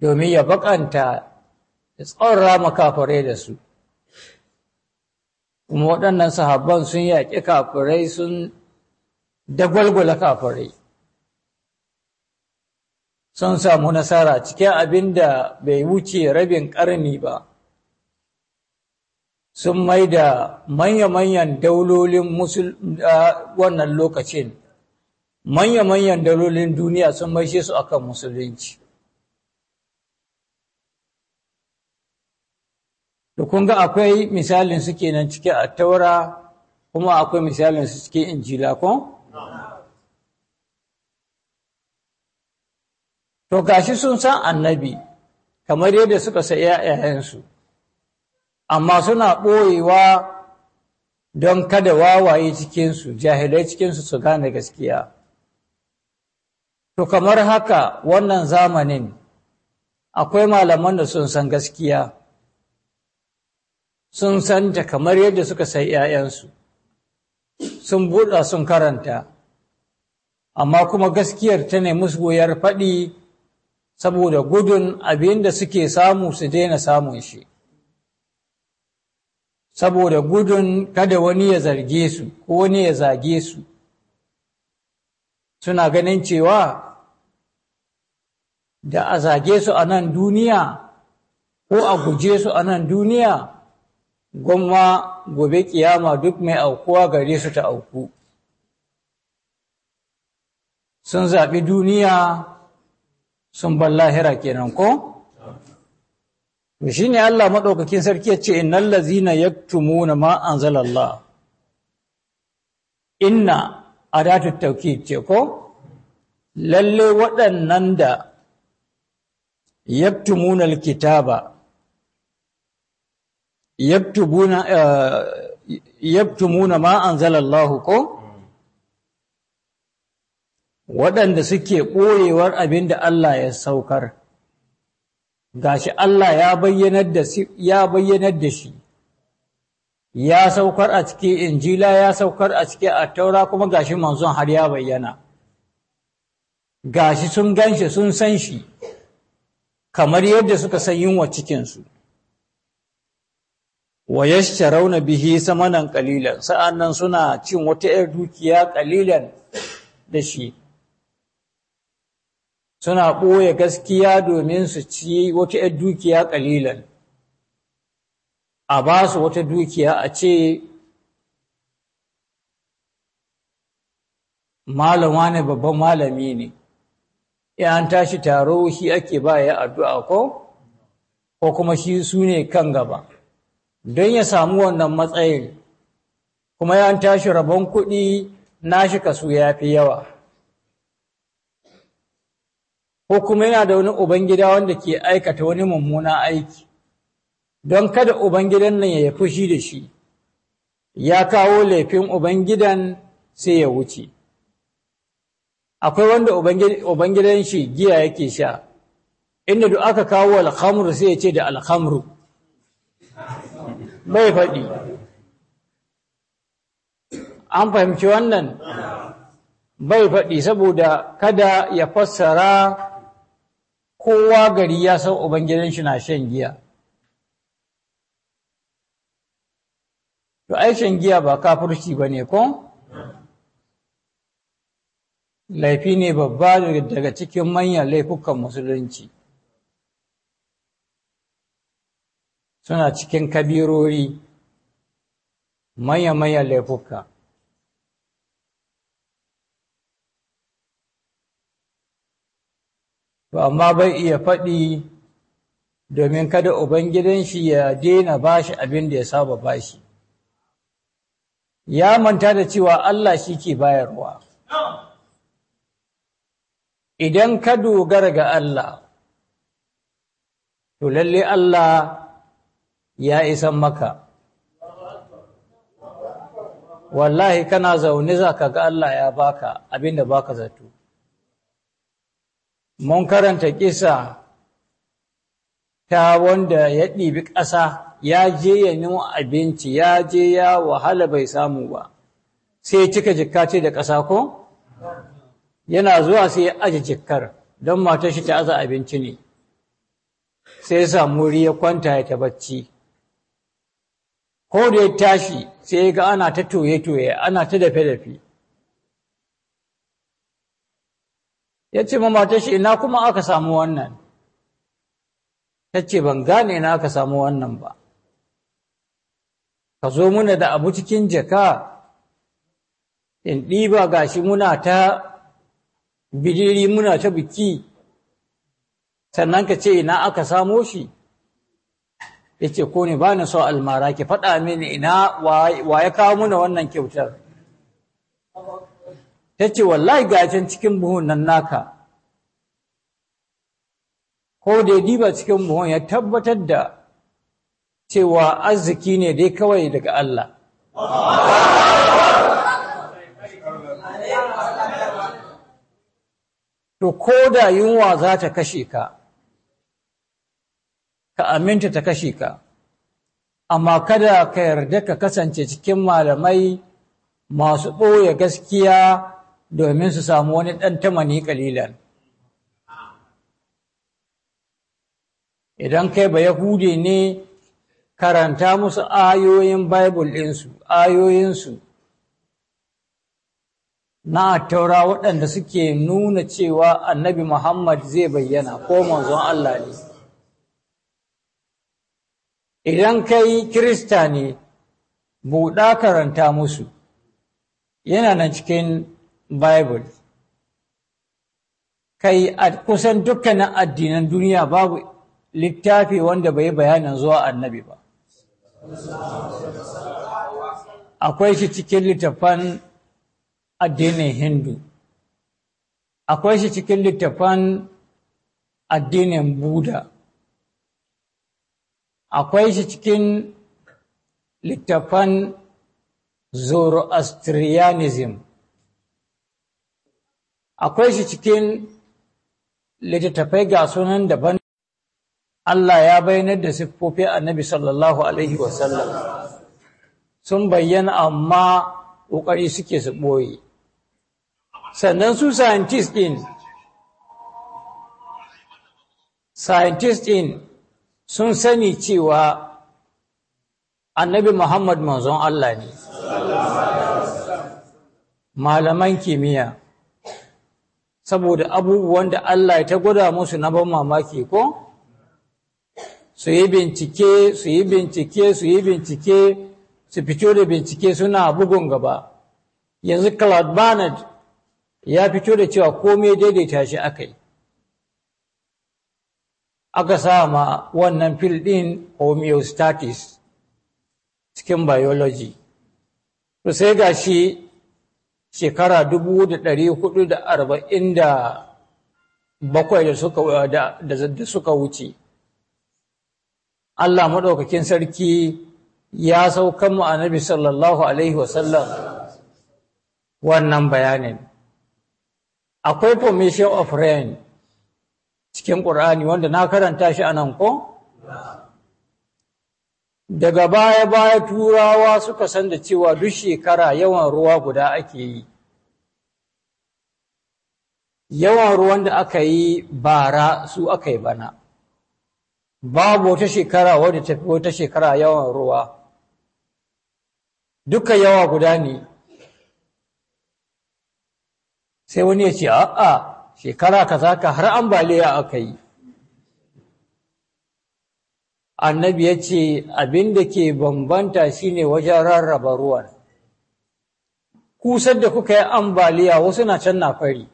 domin ya bakanta ya rama kafare da su kuma waɗannan sahabban sun yaƙi kafirai sun dagwalgwala kafirai sun samu nasara cikin abin da bai wuce rabin ƙarni ba sun mai da manya-manyan daulolin wannan lokacin manya-manyan daulolin duniya sun maishe su akan musulunci da ga akwai misalin nan cike a taura kuma akwai misalin su cikin injila ko? to gashi sun san annabi kamar yadda suka sayi ‘ya'yansu amma suna ɓoyewa don kada wawaye cikinsu jahilai cikinsu su gane gaskiya to kamar haka wannan zamanin akwai malaman da sun san gaskiya sun san ta kamar yadda suka sai ‘ya'yansu sun buɗa sun karanta amma kuma gaskiyar ta ne wuyar faɗi saboda gudun abin da suke samu su daina samun shi saboda gudun kada wani ya zarge su ko wani ya zage su suna ganin cewa da a zage su a nan duniya ko a guje su a nan duniya gwamma gobe kiyama duk mai aukuwa gare su ta auku sun zaɓi duniya sun ban lahira kenan ko shi ne Allah maɗaukakin sarki ya ce innal ya tumuna ma'an zalalla inna a tawkid ce ko lalle waɗannan da kitaba ya yaktumuna eh, ma'an zalallahu ko waɗanda suke ɓoyewar abin da Allah ya saukar gashi Allah ya bayyanar da shi ya saukar a cikin injila ya saukar a a taura kuma gashi manzon har ya bayyana gashi sun ganshi sun san shi kamar yadda suka san yunwa cikinsu wa rauna bihi samanan sa'an nan suna cin wata 'yar dukiya ƙalilan da shi suna ɓoye gaskiya domin su ci wata ‘yar dukiya ƙalilan, a ba su wata dukiya a ce, Malama ne babban malami ne, ‘yan an tashi taro shi ake ba ya addu'a ko, ko kuma shi su ne kan gaba, don ya samu wannan matsayin, kuma yan tashi rabon kuɗi na shi kasu ya fi yawa. ko kuma yana da wani ubangida wanda ke aikata wani mummuna aiki don kada ubangidan nan ya fushi da shi ya kawo laifin ubangidan sai ya wuce akwai wanda ubangidan shi giya yake sha inda duk aka kawo alhamru sai ya ce da alhamru bai faɗi an fahimci wannan bai faɗi saboda kada ya fassara kowa gari ya san ubangidan shi na shan giya to ai shan giya ba kafirci ba ne ko laifi ne babba daga cikin manyan laifukan musulunci suna cikin kabirori manya-manyan laifuka to amma bai iya faɗi domin kada Ubangidan shi ya daina bashi abin da ya saba bashi ya manta da cewa Allah shi ke bayarwa idan ka dogara ga Allah to lalle Allah ya isan maka wallahi kana zaune za ka ga Allah ya baka abinda baka zato mun karanta kisa ta wanda ya ɗibi ƙasa ya je ya nemo abinci ya je ya wahala bai samu ba sai cika jikka ce da ƙasa ko yana zuwa sai ya aje jikkar don matar shi ta aza abinci ne sai ya samu ya kwanta ya ta barci. ko da ya tashi sai ya ga ana ta toye-toye ana ta dafe-dafe ya ce ma mata shi ina kuma aka samu wannan ta ce ban gane ina aka samu wannan ba ka zo muna da abu cikin jaka in ɗiba gashi muna ta bidiri muna ta biki sannan ka ce ina aka samo shi ya ce ko ne ba na so almara ki faɗa mini ina wa ya kawo muna wannan kyautar ta ce wallahi ga can cikin buhun nan naka ko da diba cikin buhun ya tabbatar da cewa arziki ne dai kawai daga Allah to ko da yunwa za ta kashe ka ka aminta ta kashe ka amma kada ka yarda ka kasance cikin malamai masu ɓoye gaskiya domin su samu wani ɗan tamani ƙalilan. Idan kai ba Yahudi ne karanta musu ayoyin Bible ɗinsu, ayoyinsu na taura waɗanda suke nuna cewa annabi Muhammad zai bayyana ko manzon Allah ne. Idan kai Kirista ne, buɗa karanta musu, yana nan cikin Bible. Kai a kusan dukkanin addinan duniya babu littafi wanda bai bayanin zuwa annabi ba. Akwai shi cikin littafan addinin Hindu, akwai shi cikin littafan addinin Buda, akwai shi cikin littafan Zoroastrianism. akwai shi cikin littattafai ga sunan daban Allah ya bayyana da siffofi annabi sallallahu alaihi wasallam sun bayyana amma ƙoƙari suke su ɓoye sannan su scientist ɗin scientist din sun sani cewa annabi Muhammad manzon Allah ne malaman kimiyya saboda abubuwan da Allah ya ta gwada musu na ban mamaki ko su yi bincike su yi bincike su yi bincike su fito da bincike suna bugun gaba yanzu Claude Barnard ya fito da cewa komai daidaita shi aka yi aka sama wannan fil ɗin homeostatis cikin biology to sai ga shi shekara dubu da dari hudu da arba'in da bakwai da suka wuce. Allah maɗaukakin sarki ya saukar mu annabi sallallahu Alaihi wasallam wannan bayanin. Akwai formation of rain cikin ƙur'ani wanda na karanta shi a nan ko? daga baya-baya turawa suka san da cewa duk shekara yawan ruwa guda ake yi yawan ruwan da aka yi bara su aka yi bana babu wata shekara wadda ta fi wata shekara yawan ruwa duka yawa guda ne sai wani ya ce a'a shekara kaza ka har ambaliya aka yi annabi ya ce abin da ke bambanta shine wajen rarraba ruwan Kusan da kuka yi ambaliya wasu na can na fari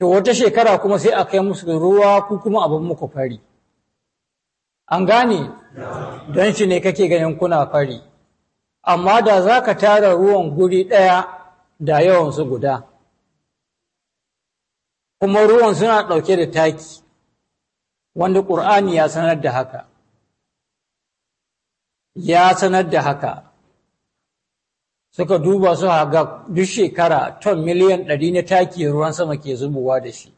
to wata shekara kuma sai a kai musu ruwa ku kuma abin muku fari an gane don shi ne kake ganin kuna fari amma da za ka tara ruwan guri ɗaya da yawansu guda kuma ruwan suna ɗauke da taki wanda ƙur'ani ya sanar da haka ya sanar da haka suka duba su haga duk shekara ton miliyan ɗari na taki ruwan sama ke zubowa da shi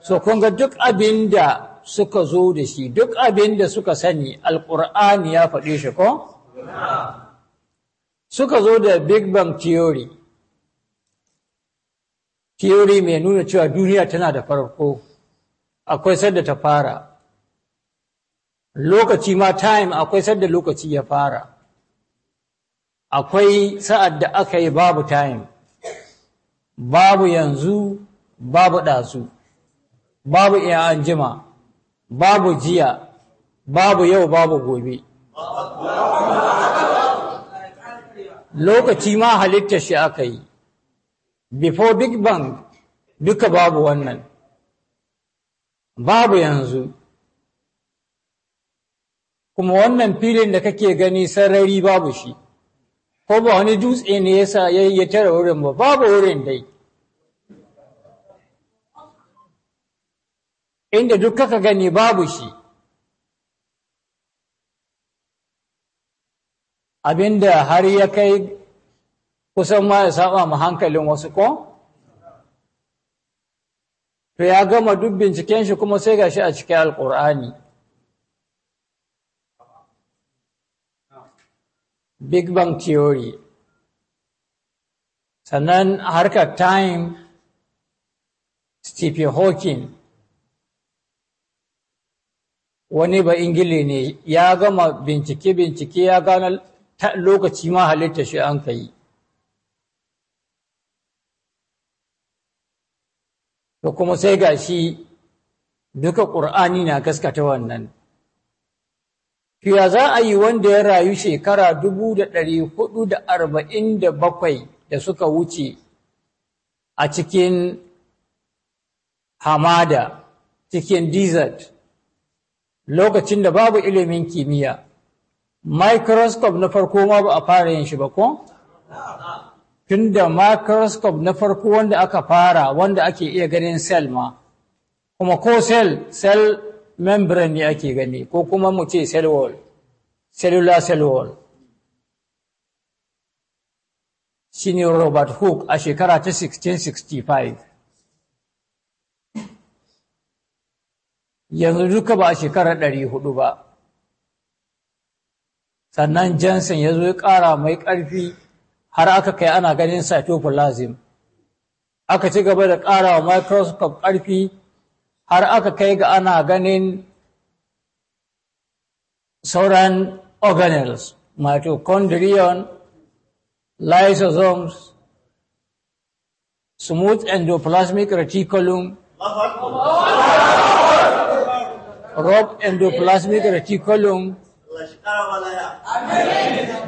so kunga duk abin da suka zo da shi duk abin da suka sani alƙur'ani ya faɗi shi ko suka zo da big bang theory theory mai nuna cewa duniya tana da farko akwai sadda ta fara lokaci ma time akwai sadda lokaci ya fara akwai sa'ad da aka yi babu time babu yanzu babu ɗazu babu iya jima, babu jiya babu yau babu gobe lokaci ma halitta shi aka yi before big bang duka babu wannan babu yanzu kuma wannan filin da kake gani sarari babu shi ko ba wani dutse ne yasa ya tara wurin ba babu wurin dai inda duk kaka gani babu shi abinda har ya kai kusan ma ya saba mu hankalin wasu ko to ya gama duk binciken shi kuma sai gashi a cikin alkur'ani big bang theory sannan harkar time stephen hawking wani ba ingili ne ya gama bincike-bincike ya gano lokaci ma halitta shi an kai. to kuma sai ga shi duka ƙur'ani na gaskata wannan fiya za a yi wanda ya rayu shekara dubu da ɗari hudu da arba'in da bakwai da suka wuce a cikin hamada cikin desert lokacin da babu ilimin kimiyya microscope na farko ma ba a fara yin shi ba ko? tunda microscope na farko wanda aka fara wanda ake iya ganin cell ma kuma ko cell cell membrane ne ake gani ko kuma mu ce cell wall cellular cell wall shine Robert Hooke a shekara ta 1665 yanzu duka ba a shekarar 400 ba sannan Johnson ya zo ya ƙara mai ƙarfi har aka kai ana ganin cytoplasm aka ci gaba da ƙara wa microscope ƙarfi har aka kai ga ana ganin sauran organelles mitochondrion lysosomes smooth endoplasmic reticulum rob endoplasmic reticulum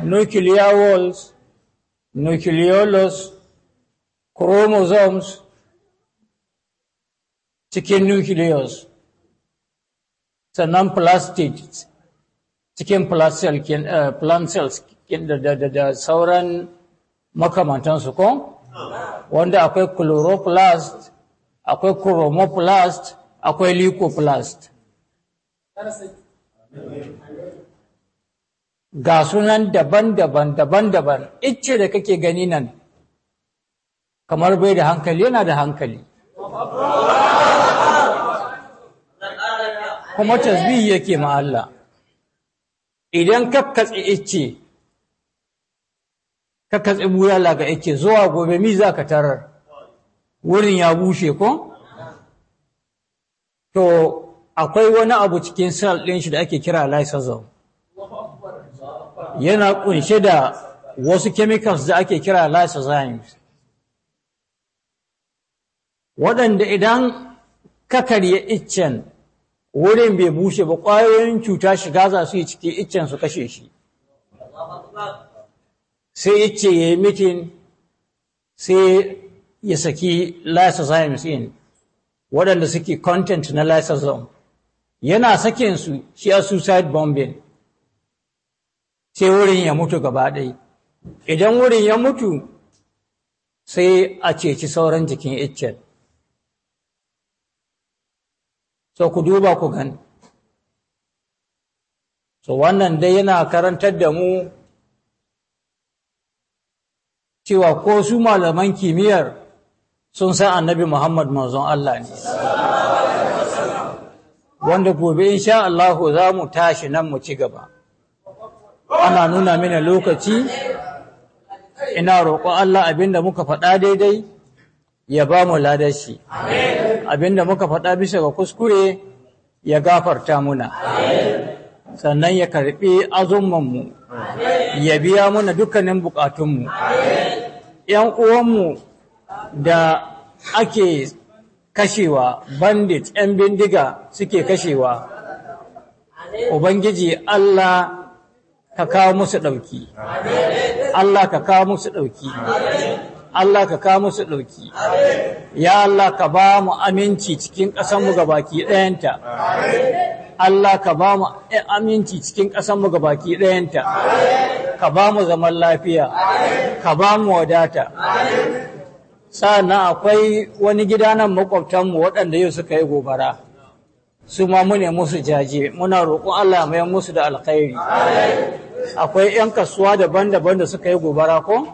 nuclear walls nucleolus chromosomes cikin nucleus sannan plastids cikin plant cells uh, da sauran makamantansu ko wanda akwai chloroplast akwai chromoplast akwai leucoplast ga sunan daban-daban daban-daban icce da kake gani nan kamar bai da hankali yana da hankali kuma tasbihi yake ma Allah idan ka katse icce ka katse buyala ga icce zuwa gobe mi za ka tarar wurin ya bushe ko to akwai wani abu cikin sal ɗin shi da ake kira Lysosome. yana kunshe da wasu chemicals da ake kira lysozymes waɗanda idan ka karye iccen wurin bai bushe ba ƙwayoyin cuta shiga za su yi ciki iccen su kashe shi sai icce ya yi mitin sai ya saki lysozymes in waɗanda suke content na lysozyme yana sakin su shi a suicide bombing sai wurin ya mutu gaba ɗai idan wurin ya mutu sai a ceci sauran jikin iccen so ku duba ku gani. so wannan dai yana karantar da mu cewa ko su malaman kimiyyar sun san annabi Muhammad manzon Allah ne. Wanda gobe insha Allah za mu tashi nan mu ci gaba. ana nuna mini lokaci ina roƙon Allah abinda muka faɗa daidai ya ba mu ladashi abinda muka faɗa bisa ga kuskure ya gafarta muna sannan ya karɓi azummanmu ya biya muna dukkanin buƙatunmu ‘yan uwanmu da ake kashewa bandit ‘yan bindiga suke kashewa Ubangiji Allah ka kawo musu ɗauki. Allah ka kawo musu ɗauki. Allah ka kawo musu ɗauki. Ya Allah ka ba mu aminci cikin ƙasanmu ga baki ɗayanta. Allah ka ba mu aminci cikin ƙasanmu ga baki ɗayanta. Ka ba mu zaman lafiya. Ka ba mu wadata. Sa'an akwai wani gida nan maƙwabtanmu waɗanda yau suka yi gobara. su ma mune musu jaje muna roƙon Allah mai musu da alkhairi akwai 'yan kasuwa daban-daban da suka yi gobara ko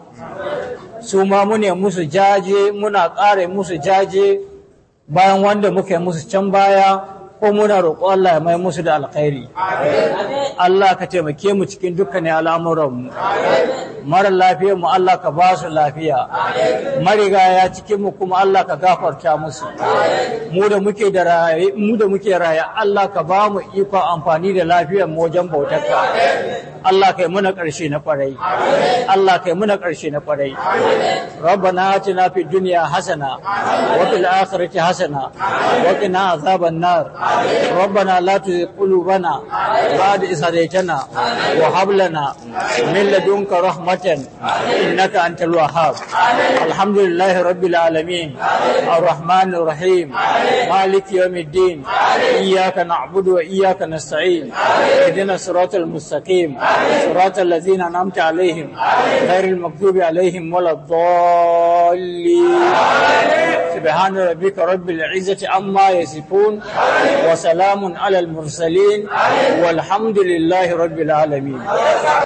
su ma mune musu jaje muna ƙara musu jaje bayan wanda muka yi musu can baya ko muna roƙo Allah ya mai musu da alkhairi Allah ka taimake mu cikin dukkanin al'amuran mu mara lafiyar mu Allah ka ba su lafiya marigaya cikin mu kuma Allah ka gafarta musu mu da muke da raye mu da muke raye Allah ka ba mu iko amfani da lafiyar mu wajen bautarka Allah kai muna ƙarshe na kwarai Allah kai muna ƙarshe na kwarai na dunya hasana wa fil akhirati hasana wa qina azaban nar ربنا لا تزغ قلوبنا بعد إذ هديتنا وهب لنا من لدنك رحمة إنك أنت الوهاب الحمد لله رب العالمين الرحمن الرحيم مالك يوم الدين إياك نعبد وإياك نستعين اهدنا الصراط المستقيم صراط الذين أنعمت عليهم غير المغضوب عليهم ولا الضالين سبحان ربك رب العزة عما يصفون wa salamun alal mursalin walhamdulillahi rabbil alamin